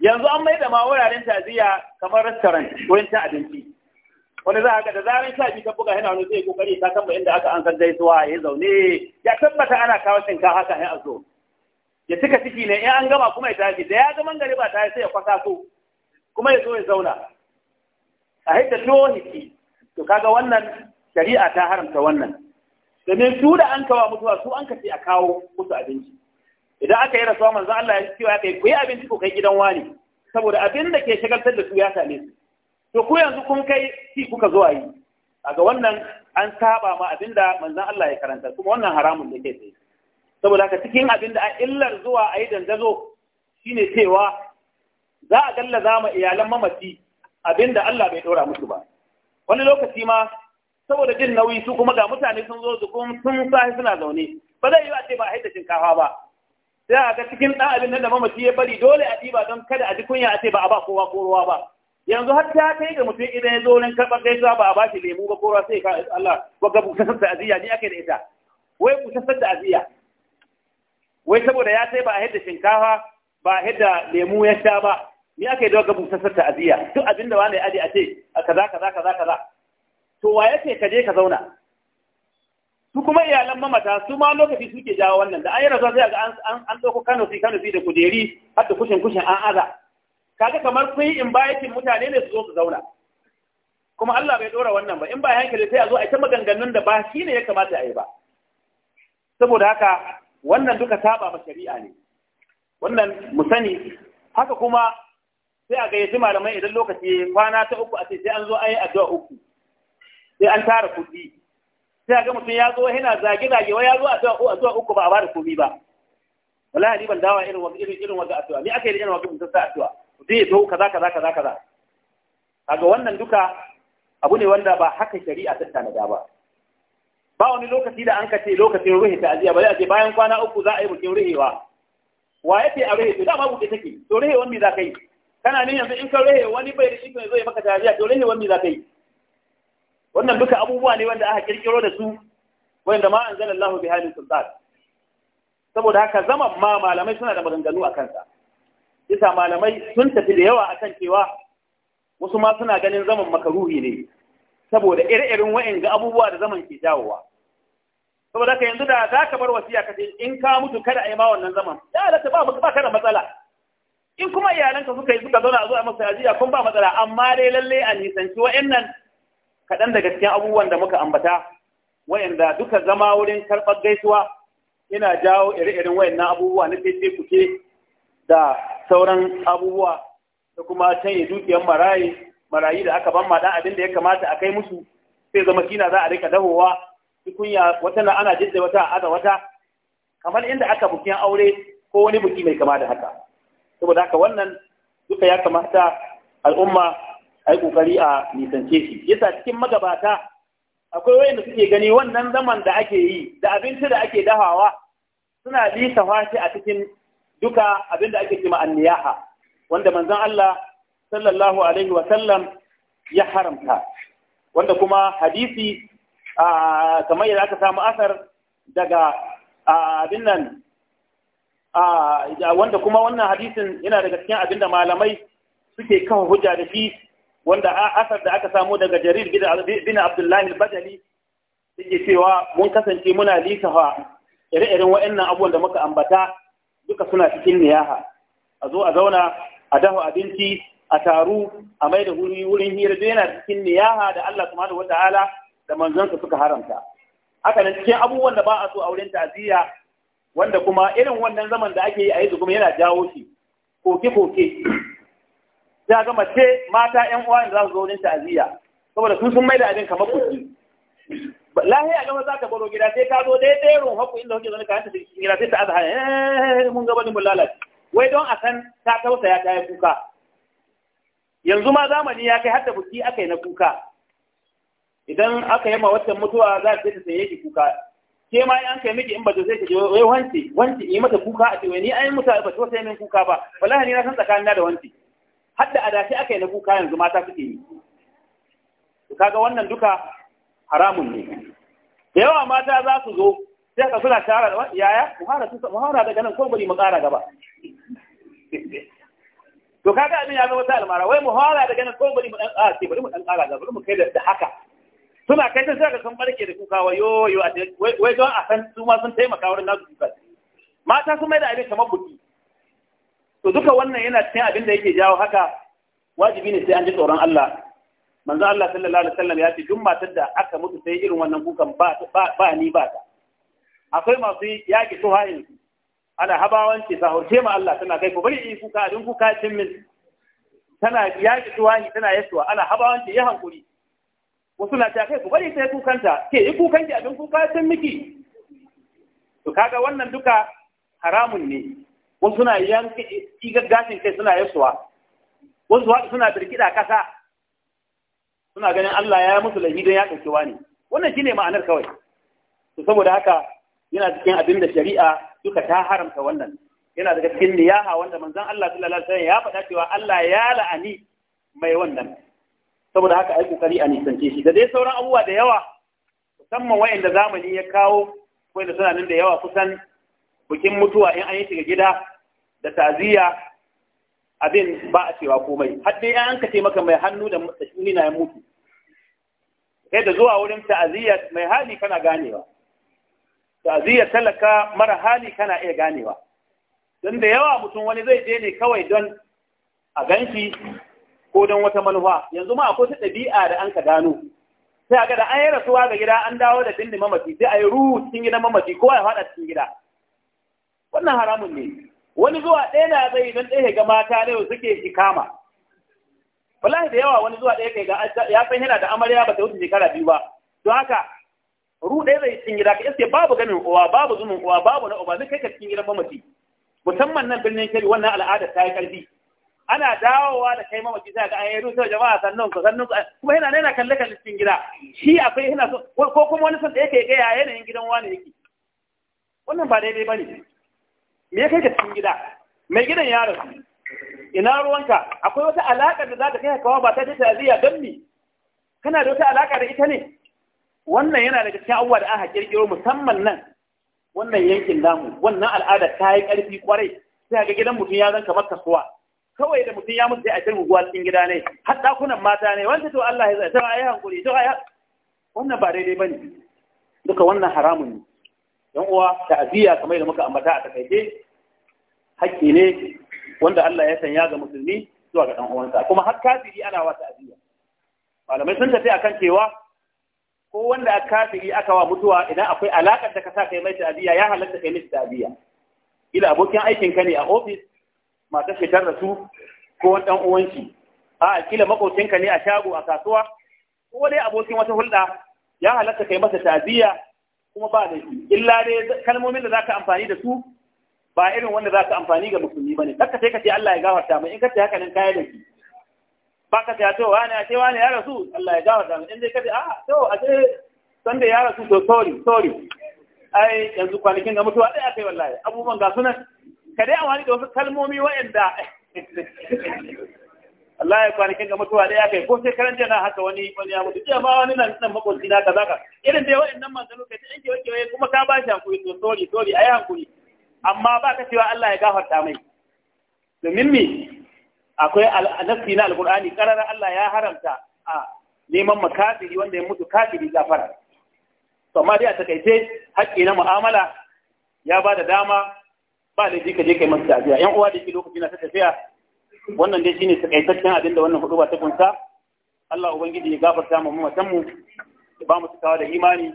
yanzu an mai da ma wuraren taziya kamar restaurant wurin cin abinci wani za a ga da zaran sha biyu ta buga yana wani zai kokari ta kama inda aka an san zuwa ya zaune ya tabbata ana kawo shinka haka ya azo ya cika ciki ne in an gama kuma ya tafi da ya ga gari ba ta sai ya kwasa so kuma ya zo ya zauna a haita tohiki, to kaga wannan shari'a ta haramta wannan domin su da an kawo mutuwa su an kace a kawo musu abinci idan aka yi rasuwa manzan Allah ya cewa kai ku yi abinci ko kai gidan wani saboda abin da ke shagaltar da su ya same su to ku yanzu kun kai ci kuka zo yi ga wannan an saba ma abin da manzon Allah ya karanta kuma wannan haramun da ke sai saboda haka cikin abin da illar zuwa a yi dandazo shine cewa za a za mu iyalan mamaci abin da Allah bai dora musu ba wani lokaci ma saboda jin nauyi su kuma ga mutane sun zo su sun sahi suna zaune ba zai yi a ce ba a haita shinkafa ba sai a ga cikin ɗan abin nan da mamaci ya bari dole a ɗiba don kada a ji kunya a ce ba a ba kowa ko ruwa ba yanzu har ta kai ga mutum idan ya zo wurin karɓar gaisuwa ba a ba shi lemu ba ko ruwa sai ka Allah ga busassar da aziya ni ake da ita wai busassar da aziya wai saboda ya sai ba a hidda shinkafa ba a hidda lemu ya sha ba ni ake da ga busassar da aziya duk abin da wani aje a ce kaza kaza kaza kaza to wa yake ka je ka zauna su kuma iyalan mamata su ma lokaci suke jawo wannan da an yi rasuwa sai ga an ɗauko kano fi da kujeri har da kushin kushin an aza kaga kamar sun yi inviting mutane ne su zo su zauna kuma Allah bai dora wannan ba in ba hankali sai a zo a ta maganganun da ba shi ne ya kamata a yi ba saboda haka wannan duka saba ma shari'a ne wannan mu sani haka kuma sai a gayyaci malamai idan lokaci kwana ta uku a ce sai an zo a yi addu'a uku sai an tara kuɗi sai ga mutum ya zo yana zage zage wai ya zo a zuwa a zuwa uku ba a bada komai ba wallahi ni ban dawa irin irin irin wanda addu'a ni aka yi irin wanda mutum sa addu'a mutum ya zo kaza kaza kaza kaza kaga wannan duka abu ne wanda ba haka shari'a ta tanada ba ba wani lokaci da an ka ce lokacin ruhi ta aziya ba zai ce bayan kwana uku za a yi mutum ruhewa wa ya ce a ruhe to dama buɗe take to ruhe wani za ka yi kana ne yanzu in ka ruhe wani bai da shi zai maka tariya to ruhe wani za ka yi wannan duka abubuwa ne wanda aka kirkiro da su wanda ma anzalallahu bi halin sultan saboda haka zaman ma malamai suna da maganganu a kansa isa malamai sun tafi da yawa akan cewa wasu ma suna ganin zaman makaruhi ne saboda ire-iren wa'inga abubuwa da zaman ke jawowa saboda haka yanzu da za ka bar wasiya ka in ka mutu kada a yi ma wannan zaman ya halatta ba ba ka da matsala in kuma iyalanka suka yi suka zauna a zo a masa ajiya kun ba matsala amma dai lalle a nisanci wa'annan kaɗan daga cikin abubuwan da muka ambata wayanda duka zama wurin karɓar gaisuwa ina jawo ire-iren wayannan abubuwa na fice kuke da sauran abubuwa da kuma canye dukiyar marayi marayi da aka ban ma dan abin da ya kamata a kai musu sai zama kina za a rika dahowa tukunya wata na ana jidda wata aza wata kamar inda aka bukin aure ko wani buki mai kama da haka saboda haka wannan duka ya kamata al'umma ai kokari a nisance shi yasa cikin magabata akwai da suke gani wannan zaman da ake yi da abinci da ake dahawa suna bi shi a cikin duka abinda ake cima anniyaha wanda manzon Allah sallallahu alaihi wa sallam ya haramta wanda kuma hadisi kamar yadda aka samu asar daga abin nan wanda kuma wannan hadisin yana daga cikin abinda malamai suke kafa hujja da shi wanda asar da aka samu daga jarir bin abdullahi al-bajali yake cewa mun kasance muna lisafa ire-iren waɗannan abubuwan da muka ambata duka suna cikin niyaha a zo a zauna a dafa abinci a taru a mai da wuri wurin hira duk yana cikin niyaha da Allah subhanahu wataala da manzansa suka haramta haka nan cikin abubuwan da ba a so a wurin ta'aziyya wanda kuma irin wannan zaman da ake yi a yanzu kuma yana jawo shi koke koke ya ga mace mata ƴan uwa da za su zo wurin ta'aziyya saboda sun sun maida abin kamar kuɗi lahi a gama za ta baro gida sai ka zo dai-dai ruwan haku inda kuke zaune ka hanta cikin gida sai ta aza hanya eh, mun gaba ni mun lalace wai don a san ta tausaya ta yi kuka yanzu ma zamani ya kai hadda buki aka yi na kuka idan aka yi ma wata mutuwa za ta ta saye ki kuka ke ma an kai miki in ba sai kaje je wai wanti wanti yi mata kuka a ce wai ni ai mutuwa ba to sai min kuka ba wallahi ni na san tsakanin na da wanti har da adashi aka yi na kuka yanzu mata suke yi to kaga wannan duka haramun ne da yawa mata za su zo sai ka suna shara da yaya muhara su muhara daga nan ko bari mu ƙara gaba to kaga abin ya zama ta almara wai muhara daga nan ko bari mu dan ƙara bari mu dan ƙara gaba bari mu kai da haka suna kai sai ka san barke da kuka wa yo yo wai don a san su ma sun taimaka wurin nasu kuka mata sun mai da abin kamar buki to duka wannan yana cikin abin da yake jawo haka wajibi ne sai an ji tsoron Allah manzo Allah sallallahu alaihi wasallam ya ce duk matar da aka mutu sai irin wannan kukan ba ba ni ba ta akwai masu yaƙi hayin ana habawanci sahurce ma Allah tana kai ku bari in kuka abin kuka cin min tana to hayin tana yasuwa ana habawanci ya hankuri wasu na ta kai ku bari sai kukanta ke yi kukanki abin kuka cin miki to kaga wannan duka haramun ne wasu suna yanke igar gashin kai suna yasuwa wasu suwa suna birkida kasa suna ganin Allah ya musu lahi don ya ɗauki ne. wannan ne ma'anar kawai to saboda haka yana cikin abin da shari'a duka ta haramta wannan yana daga cikin niyaha wanda manzon Allah sallallahu alaihi wasallam ya faɗa cewa Allah ya la'ani mai wannan saboda haka ai kokari a nisance shi da dai sauran abubuwa da yawa musamman wayanda zamani ya kawo wayanda suna nan da yawa kusan bikin mutuwa in an yi shiga gida da taziya abin ba a cewa komai har dai an ka maka mai hannu da shuni na ya mutu sai da zuwa wurin ta'aziyya mai hali kana ganewa ta'aziyya talaka mara hali kana iya ganewa don da yawa mutum wani zai je ne kawai don a ganshi ko don wata manufa yanzu ma akwai ta ɗabi'a da an ka gano sai a gada an yi rasuwa ga gida an dawo da binne mamaci sai a yi ruhu cikin gidan mamaci ko ya faɗa cikin gida wannan haramun ne wani zuwa ɗaya na zai don ɗaya ga mata ne suke ikama wallahi da yawa wani zuwa ɗaya ga ya san yana da amarya ba ta wuce shekara biyu ba don haka ru ɗaya zai cikin gida ka iske babu ganin uwa babu zumin uwa babu na uba zai kai ka cikin gidan mamaci musamman nan birnin kiri wannan al'ada ta yi ƙarfi ana dawowa da kai mamaci sai ga an yi rusar jama'a sannan ku sannan ku kuma yana yana kalle kalle cikin gida shi akwai yana so ko kuma wani son da yake ga yanayin gidan wani yake wannan ba daidai bane me ya kai ka cikin gida mai gidan ya ina ruwanka akwai wata alaƙa da za ta kai kawo ba ta ta taziya don ni kana da wata alaƙa da ita ne wannan yana daga cikin abubuwa da aka kirkiro musamman nan wannan yankin namu wannan al'ada ta yi ƙarfi kwarai sai ga gidan mutum ya zan kamar kasuwa kawai da mutum ya mutu sai a cikin guguwa cikin gida ne har ɗakunan mata ne wanda to Allah ya zai to ayi hankuri to ayi wannan ba daidai bane duka wannan haramun ne yan uwa ta'aziya kamar da muka ambata a takaice hakki ne wanda Allah ya sanya ga musulmi zuwa ga dan uwansa kuma har kafiri ana wa ta'aziyya malamai sun tafi akan cewa ko wanda kafiri aka wa mutuwa idan akwai alakar da ka sa kai mai taziya ya halatta kai mai ta'aziyya ila abokin aikin ka ne a ofis masu fitar da su ko wani dan uwanki a kila ka ne a shago a kasuwa ko dai abokin wata hulɗa ya halatta kai masa ta'aziyya kuma ba shi illa dai kalmomin da zaka amfani da su ba irin wanda zaka amfani ga musulmi bane kaka sai ka ce Allah ya gafarta mu in ka ce haka nan kai laifi ba ka ce to wani a ce wani ya rasu Allah ya gafarta mu in dai ka ce a to a ce san da ya rasu to sorry sorry ai yanzu kwanakin ga mutuwa dai akai wallahi abubuwan ga sunan ka dai amfani da wasu kalmomi waɗanda Allah ya kwanakin ga mutuwa da ya kai ko sai karanta na haka wani wani ya mutu jiya ma wani na nan makwabci na kaza ka irin dai nan manzo kai ta kewa wanke kuma ka ba shi hankuri to sori sorry ayi hankuri amma ba ka cewa Allah ya gafarta mai domin me akwai nafsi na alqur'ani karara Allah ya haramta a neman makafiri wanda ya mutu kafiri gafara to amma dai a takaice haƙƙi na mu'amala ya ba da dama ba da ka je kai masu tafiya yan uwa da ke lokaci na ta tafiya wannan dai shine takaitaccen abin da wannan hudu ba ta kunsa Allah ubangiji ya gafarta mu mamatan mu ya ba mu tsawa da imani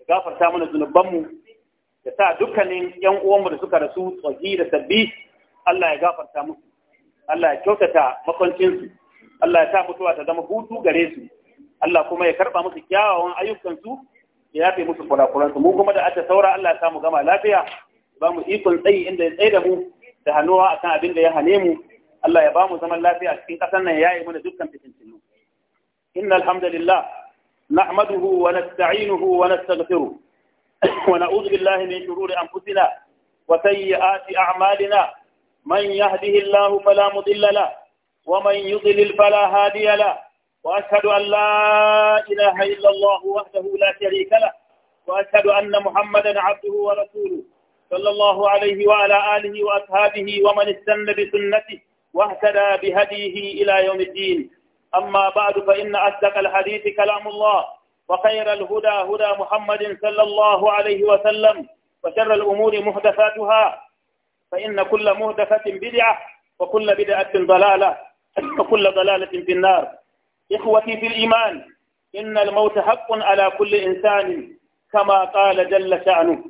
ya gafarta mana zunuban mu ya sa dukkanin yan uwanmu da suka rasu tsohi da sabbi Allah ya gafarta musu Allah ya kyautata su Allah ya sa mutuwa ta zama hutu gare su Allah kuma ya karba musu kyawawan ayyukansu ya yafe musu su mu kuma da aka saura Allah ya samu gama lafiya ba mu ikon tsayi inda ya tsaye da mu da hannuwa akan abin da ya hane mu Allah ya ba mu zaman lafiya cikin ƙasar nan ya yi mana dukkan fitintinu. Inna alhamdulillah, na Ahmaduhu wa na Sa'inuhu wa na Sagafiru, wa na Uzu Billahi min shuru da amfusina, wa sayyi a'malina, man ya haɗihi Allah fala mudillala, wa man yuzilil fala hadiyala, wa ashadu an la ilaha illallah wa ahdahu la sharikala, wa ashadu anna Muhammadan abduhu wa rasulu. Sallallahu alaihi wa ala alihi wa ashabihi wa man istanna واهتدى بهديه إلى يوم الدين أما بعد فإن أصدق الحديث كلام الله وخير الهدى هدى محمد صلى الله عليه وسلم وشر الأمور محدثاتها فإن كل محدثة بدعة وكل بدعة ضلالة وكل ضلالة في النار إخوتي في الإيمان إن الموت حق على كل إنسان كما قال جل شأنه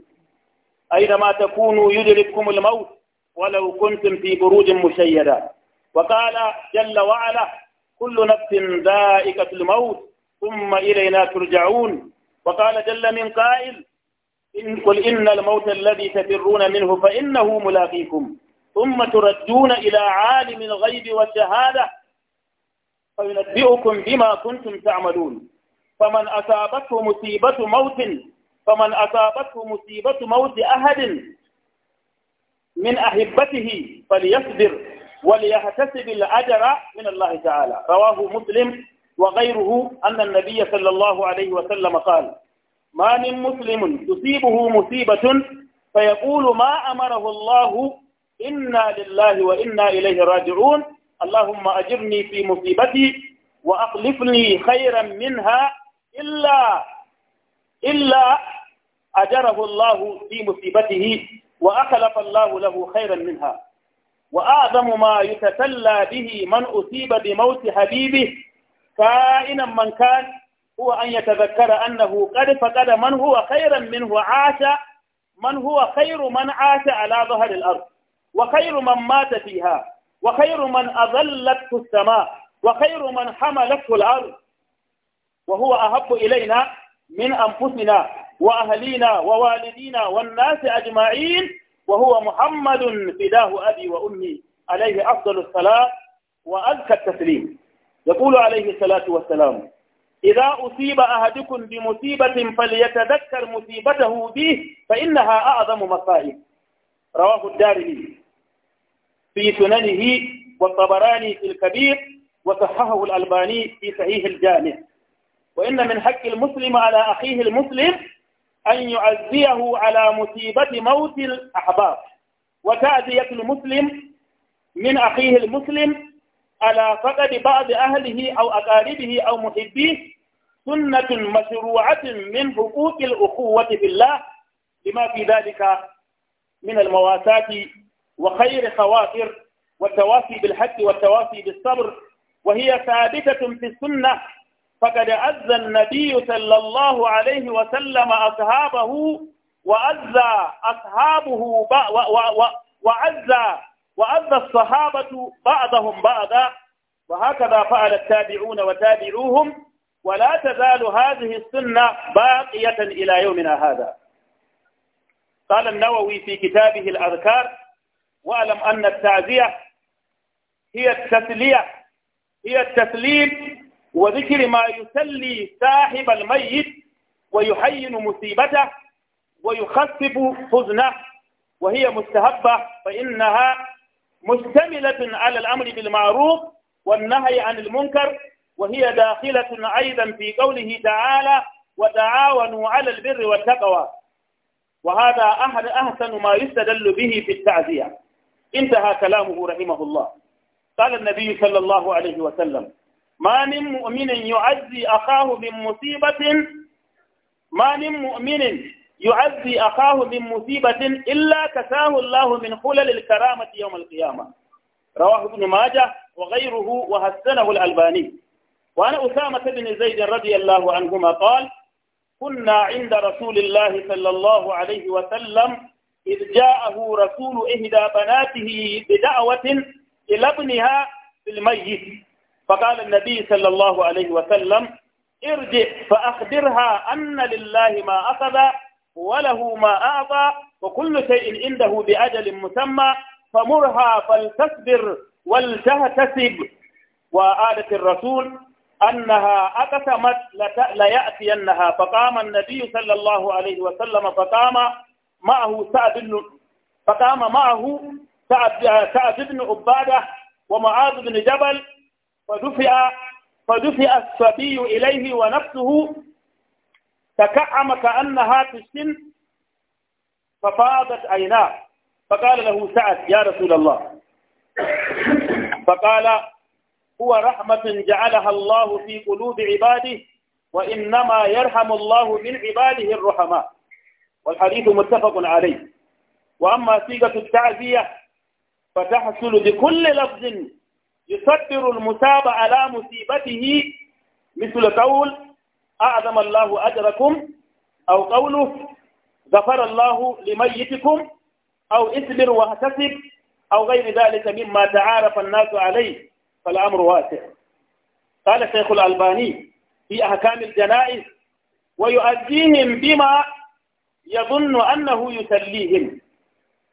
أينما تكونوا يدرككم الموت ولو كنتم في بروج مشيدة وقال جل وعلا كل نفس ذائقة الموت ثم إلينا ترجعون وقال جل من قائل إن قل إن الموت الذي تفرون منه فإنه ملاقيكم ثم تردون إلى عالم الغيب والشهادة فينبئكم بما كنتم تعملون فمن أصابته مصيبة موت فمن أصابته مصيبة موت أحد من أحبته فليصبر وليحتسب الأجر من الله تعالى رواه مسلم وغيره أن النبي صلى الله عليه وسلم قال ما من مسلم تصيبه مصيبة فيقول ما أمره الله إنا لله وإنا إليه راجعون اللهم أجرني في مصيبتي وأخلفني خيرا منها إلا إلا أجره الله في مصيبته وأخلف الله له خيرا منها وأعظم ما يتسلى به من أصيب بموت حبيبه كائنا من كان هو أن يتذكر أنه قد فقد من هو خيرا منه عاش من هو خير من عاش على ظهر الأرض وخير من مات فيها وخير من أظلته السماء وخير من حملته الأرض وهو أحب إلينا من أنفسنا وأهلينا ووالدينا والناس أجمعين وهو محمد فداه أبي وأمي عليه أفضل الصلاة وأزكى التسليم يقول عليه الصلاة والسلام إذا أصيب أحدكم بمصيبة فليتذكر مصيبته به فإنها أعظم مصائب رواه الدارمي في سننه والطبراني في الكبير وصححه الألباني في صحيح الجامع وإن من حق المسلم على أخيه المسلم أن يعزيه على مصيبة موت الأحباب وتعزية المسلم من أخيه المسلم على فقد بعض أهله أو أقاربه أو محبيه سنة مشروعة من حقوق الأخوة بالله لما في ذلك من المواساة وخير خواطر والتوافي بالحق والتوافي بالصبر وهي ثابتة في السنة فقد أذى النبي صلى الله عليه وسلم أصحابه وأذى أصحابه وأذى وأذى الصحابة بعضهم بعضا وهكذا فعل التابعون وتابعوهم ولا تزال هذه السنة باقية إلى يومنا هذا قال النووي في كتابه الأذكار واعلم أن التعزية هي التسلية هي التسليم وذكر ما يسلي صاحب الميت ويحين مصيبته ويخفف حزنه وهي مستهبة فإنها مشتملة على الأمر بالمعروف والنهي عن المنكر وهي داخلة أيضا في قوله تعالى وتعاونوا على البر والتقوى وهذا أحد أحسن ما يستدل به في التعزية انتهى كلامه رحمه الله قال النبي صلى الله عليه وسلم ما من مؤمن يعزي أخاه بمصيبة ما من مؤمن يعزي أخاه بمصيبة إلا كساه الله من خلل الكرامة يوم القيامة رواه ابن ماجه وغيره وحسنه الألباني وعن أسامة بن زيد رضي الله عنهما قال كنا عند رسول الله صلى الله عليه وسلم إذ جاءه رسول إحدى بناته بدعوة إلى ابنها في الميت فقال النبي صلى الله عليه وسلم ارجع فأخبرها أن لله ما أخذ وله ما أعطى وكل شيء عنده بأجل مسمى فمرها فلتصبر ولتهتسب وآلة الرسول أنها أقسمت ليأتينها فقام النبي صلى الله عليه وسلم فقام معه سعد بن فقام معه سعد, سعد بن عبادة ومعاذ بن جبل فدفئ فدفئ الصبي إليه ونفسه تكعم كأنها في السن ففاضت عيناه فقال له سعد يا رسول الله فقال هو رحمة جعلها الله في قلوب عباده وإنما يرحم الله من عباده الرحماء والحديث متفق عليه وأما صيغة التعزية فتحصل بكل لفظ يصدر المصاب على مصيبته مثل قول أعظم الله أجركم أو قوله غفر الله لميتكم أو اثمر واحتسب أو غير ذلك مما تعارف الناس عليه فالأمر واسع قال الشيخ الألباني في أحكام الجنائز ويؤديهم بما يظن أنه يسليهم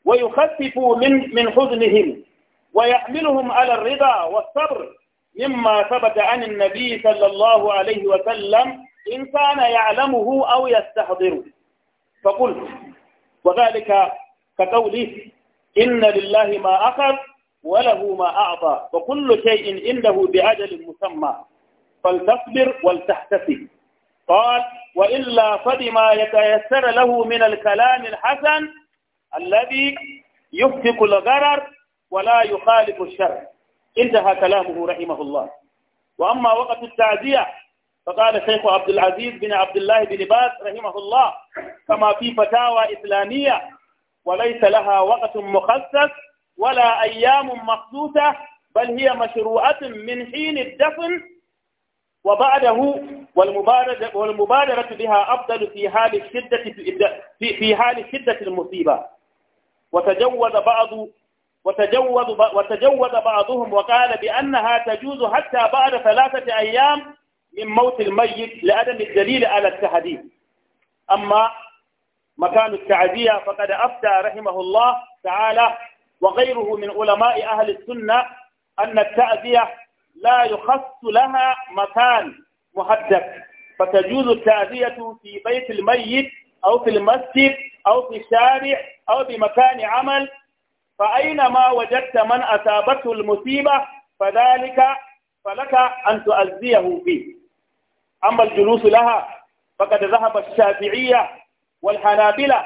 ويخفف من من حزنهم ويحملهم على الرضا والصبر مما ثبت عن النبي صلى الله عليه وسلم إن كان يعلمه أو يستحضره فقلت وذلك كقوله إن لله ما أخذ وله ما أعطى وكل شيء عنده بعجل مسمى فلتصبر ولتحتسب قال وإلا فبما يتيسر له من الكلام الحسن الذي يفتك الغرر ولا يخالف الشرع انتهى كلامه رحمه الله وأما وقت التعزية فقال شيخ عبد العزيز بن عبد الله بن باز رحمه الله كما في فتاوى إسلامية وليس لها وقت مخصص ولا أيام مخصوصة بل هي مشروعة من حين الدفن وبعده والمبادرة, والمبادرة بها أفضل في حال الشدة في, في حال شدة المصيبة وتجوز بعض وتجوز وتجوز بعضهم وقال بأنها تجوز حتى بعد ثلاثة أيام من موت الميت لعدم الدليل على التحديث أما مكان التعزية فقد أفتى رحمه الله تعالى وغيره من علماء أهل السنة أن التعزية لا يخص لها مكان محدد فتجوز التعزية في بيت الميت أو في المسجد أو في الشارع أو بمكان عمل فأينما وجدت من أصابته المصيبة فذلك فلك أن تؤذيه فيه أما الجلوس لها فقد ذهب الشافعية والحنابلة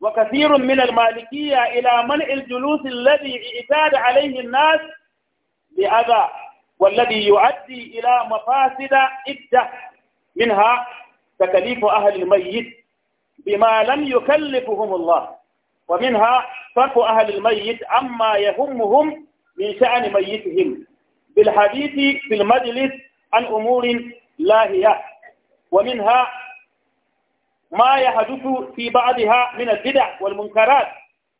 وكثير من المالكية إلى منع الجلوس الذي اعتاد عليه الناس بأذى والذي يؤدي إلى مفاسد عدة منها تكليف أهل الميت بما لم يكلفهم الله ومنها صرف أهل الميت عما يهمهم من شأن ميتهم بالحديث في المجلس عن أمور لاهية ومنها ما يحدث في بعضها من البدع والمنكرات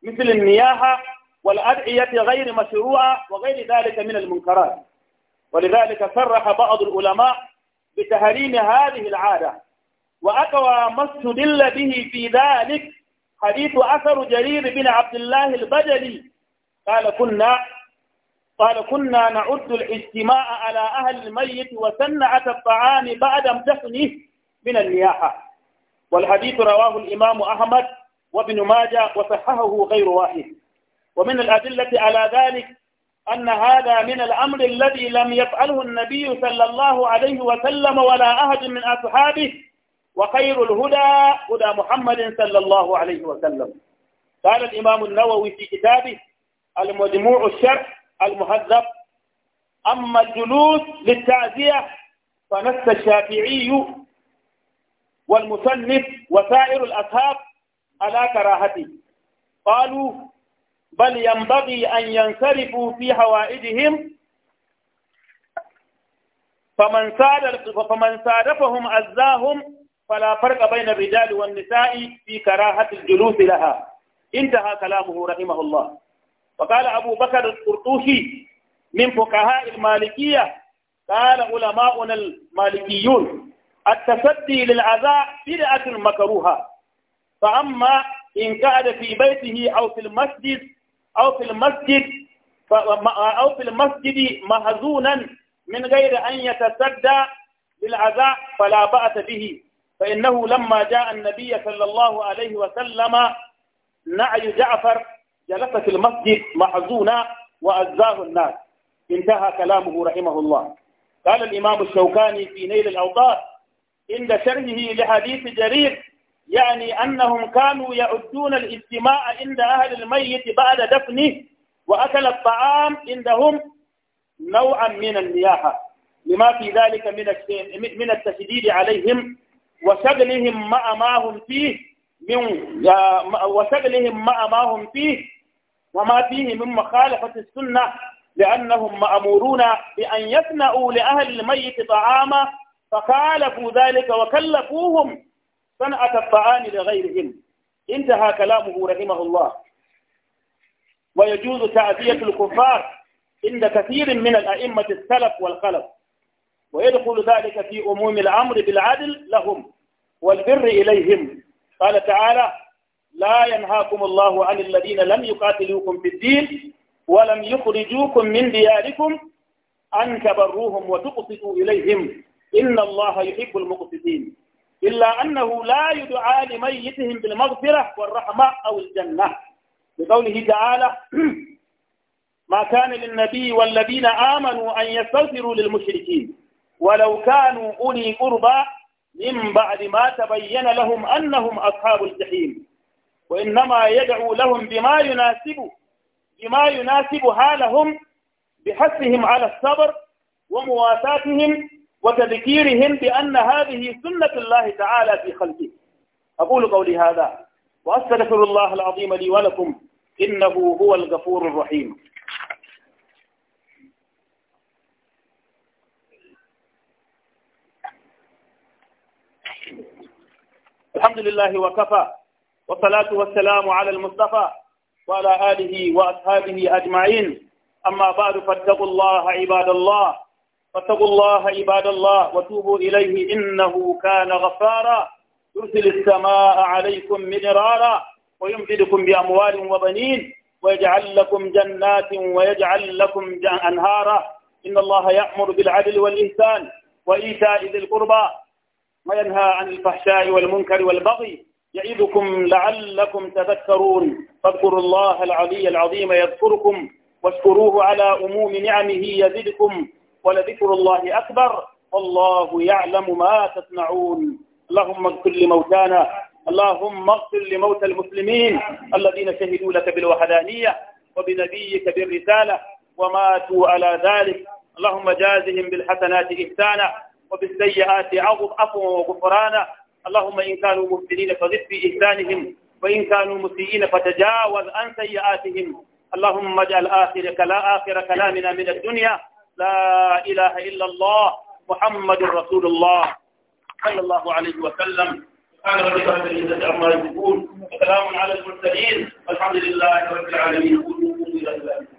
مثل المياه والأدعية غير مشروعة وغير ذلك من المنكرات ولذلك صرح بعض العلماء بتحريم هذه العادة وأقوى ما استدل به في ذلك حديث أثر جرير بن عبد الله البجلي قال كنا قال كنا نعد الاجتماع على أهل الميت وسنعة الطعام بعد دفنه من النياحة والحديث رواه الإمام أحمد وابن ماجه وصححه غير واحد ومن الأدلة على ذلك أن هذا من الأمر الذي لم يفعله النبي صلى الله عليه وسلم ولا أحد من أصحابه وخير الهدى هدى محمد صلى الله عليه وسلم قال الإمام النووي في كتابه المجموع الشرح المهذب أما الجلوس للتعزية فنس الشافعي والمصنف وسائر الأصحاب على كراهته قالوا بل ينبغي أن ينصرفوا في حوائجهم فمن فمن صادفهم أزاهم فلا فرق بين الرجال والنساء في كراهة الجلوس لها انتهى كلامه رحمه الله وقال أبو بكر القرطوشي من فقهاء المالكية قال علماؤنا المالكيون التصدي للعزاء بدعة مكروهة فأما إن قعد في بيته أو في المسجد أو في المسجد أو في المسجد مهزونا من غير أن يتصدى للعزاء فلا بأس به فإنه لما جاء النبي صلى الله عليه وسلم نعي جعفر جلس في المسجد محزونا وأزاه الناس انتهى كلامه رحمه الله قال الإمام الشوكاني في نيل الأوطار عند شرحه لحديث جرير يعني أنهم كانوا يعدون الاجتماع عند أهل الميت بعد دفنه وأكل الطعام عندهم نوعا من النياحة لما في ذلك من من التشديد عليهم وشغلهم مع ما هم فيه من وشغلهم مع ما هم فيه وما فيه من مخالفة السنة لأنهم مأمورون بأن يصنعوا لأهل الميت طعاما فخالفوا ذلك وكلفوهم صنعة الطعام لغيرهم انتهى كلامه رحمه الله ويجوز تعزية الكفار عند كثير من الأئمة السلف والخلف ويدخل ذلك في أموم الأمر بالعدل لهم والبر إليهم قال تعالى لا ينهاكم الله عن الذين لم يقاتلوكم في الدين ولم يخرجوكم من دياركم أن تبروهم وتقسطوا إليهم إن الله يحب المقسطين إلا أنه لا يدعى لميتهم بالمغفرة والرحمة أو الجنة بقوله تعالى ما كان للنبي والذين آمنوا أن يستغفروا للمشركين ولو كانوا أولي قربى من بعد ما تبين لهم أنهم أصحاب الجحيم وإنما يدعو لهم بما يناسب بما يناسب حالهم بحثهم على الصبر ومواساتهم وتذكيرهم بأن هذه سنة الله تعالى في خلقه أقول قولي هذا وأستغفر الله العظيم لي ولكم إنه هو الغفور الرحيم الحمد لله وكفى والصلاة والسلام على المصطفى وعلى آله وأصحابه أجمعين أما بعد فاتقوا الله عباد الله فاتقوا الله عباد الله وتوبوا إليه إنه كان غفارا يرسل السماء عليكم مدرارا ويمددكم بأموال وبنين ويجعل لكم جنات ويجعل لكم أنهارا إن الله يأمر بالعدل والإحسان وإيتاء ذي القربى وينهى عن الفحشاء والمنكر والبغي يعظكم لعلكم تذكرون فاذكروا الله العلي العظيم يذكركم واشكروه على أموم نعمه يزدكم ولذكر الله أكبر والله يعلم ما تصنعون اللهم اغفر لموتانا اللهم اغفر لموتى المسلمين الذين شهدوا لك بالوحدانية وبنبيك بالرسالة وماتوا على ذلك اللهم جازهم بالحسنات إحسانا وبالسيئات عفوا وغفرانا اللهم إن كانوا مبتلين فزد في إحسانهم وإن كانوا مسيئين فتجاوز عن سيئاتهم اللهم اجعل آخر كلا آخر كلامنا من الدنيا لا إله إلا الله محمد رسول الله صلى الله عليه وسلم سبحان ربك رب العزة عما يصفون وسلام على المرسلين والحمد لله رب العالمين قولوا إلى الله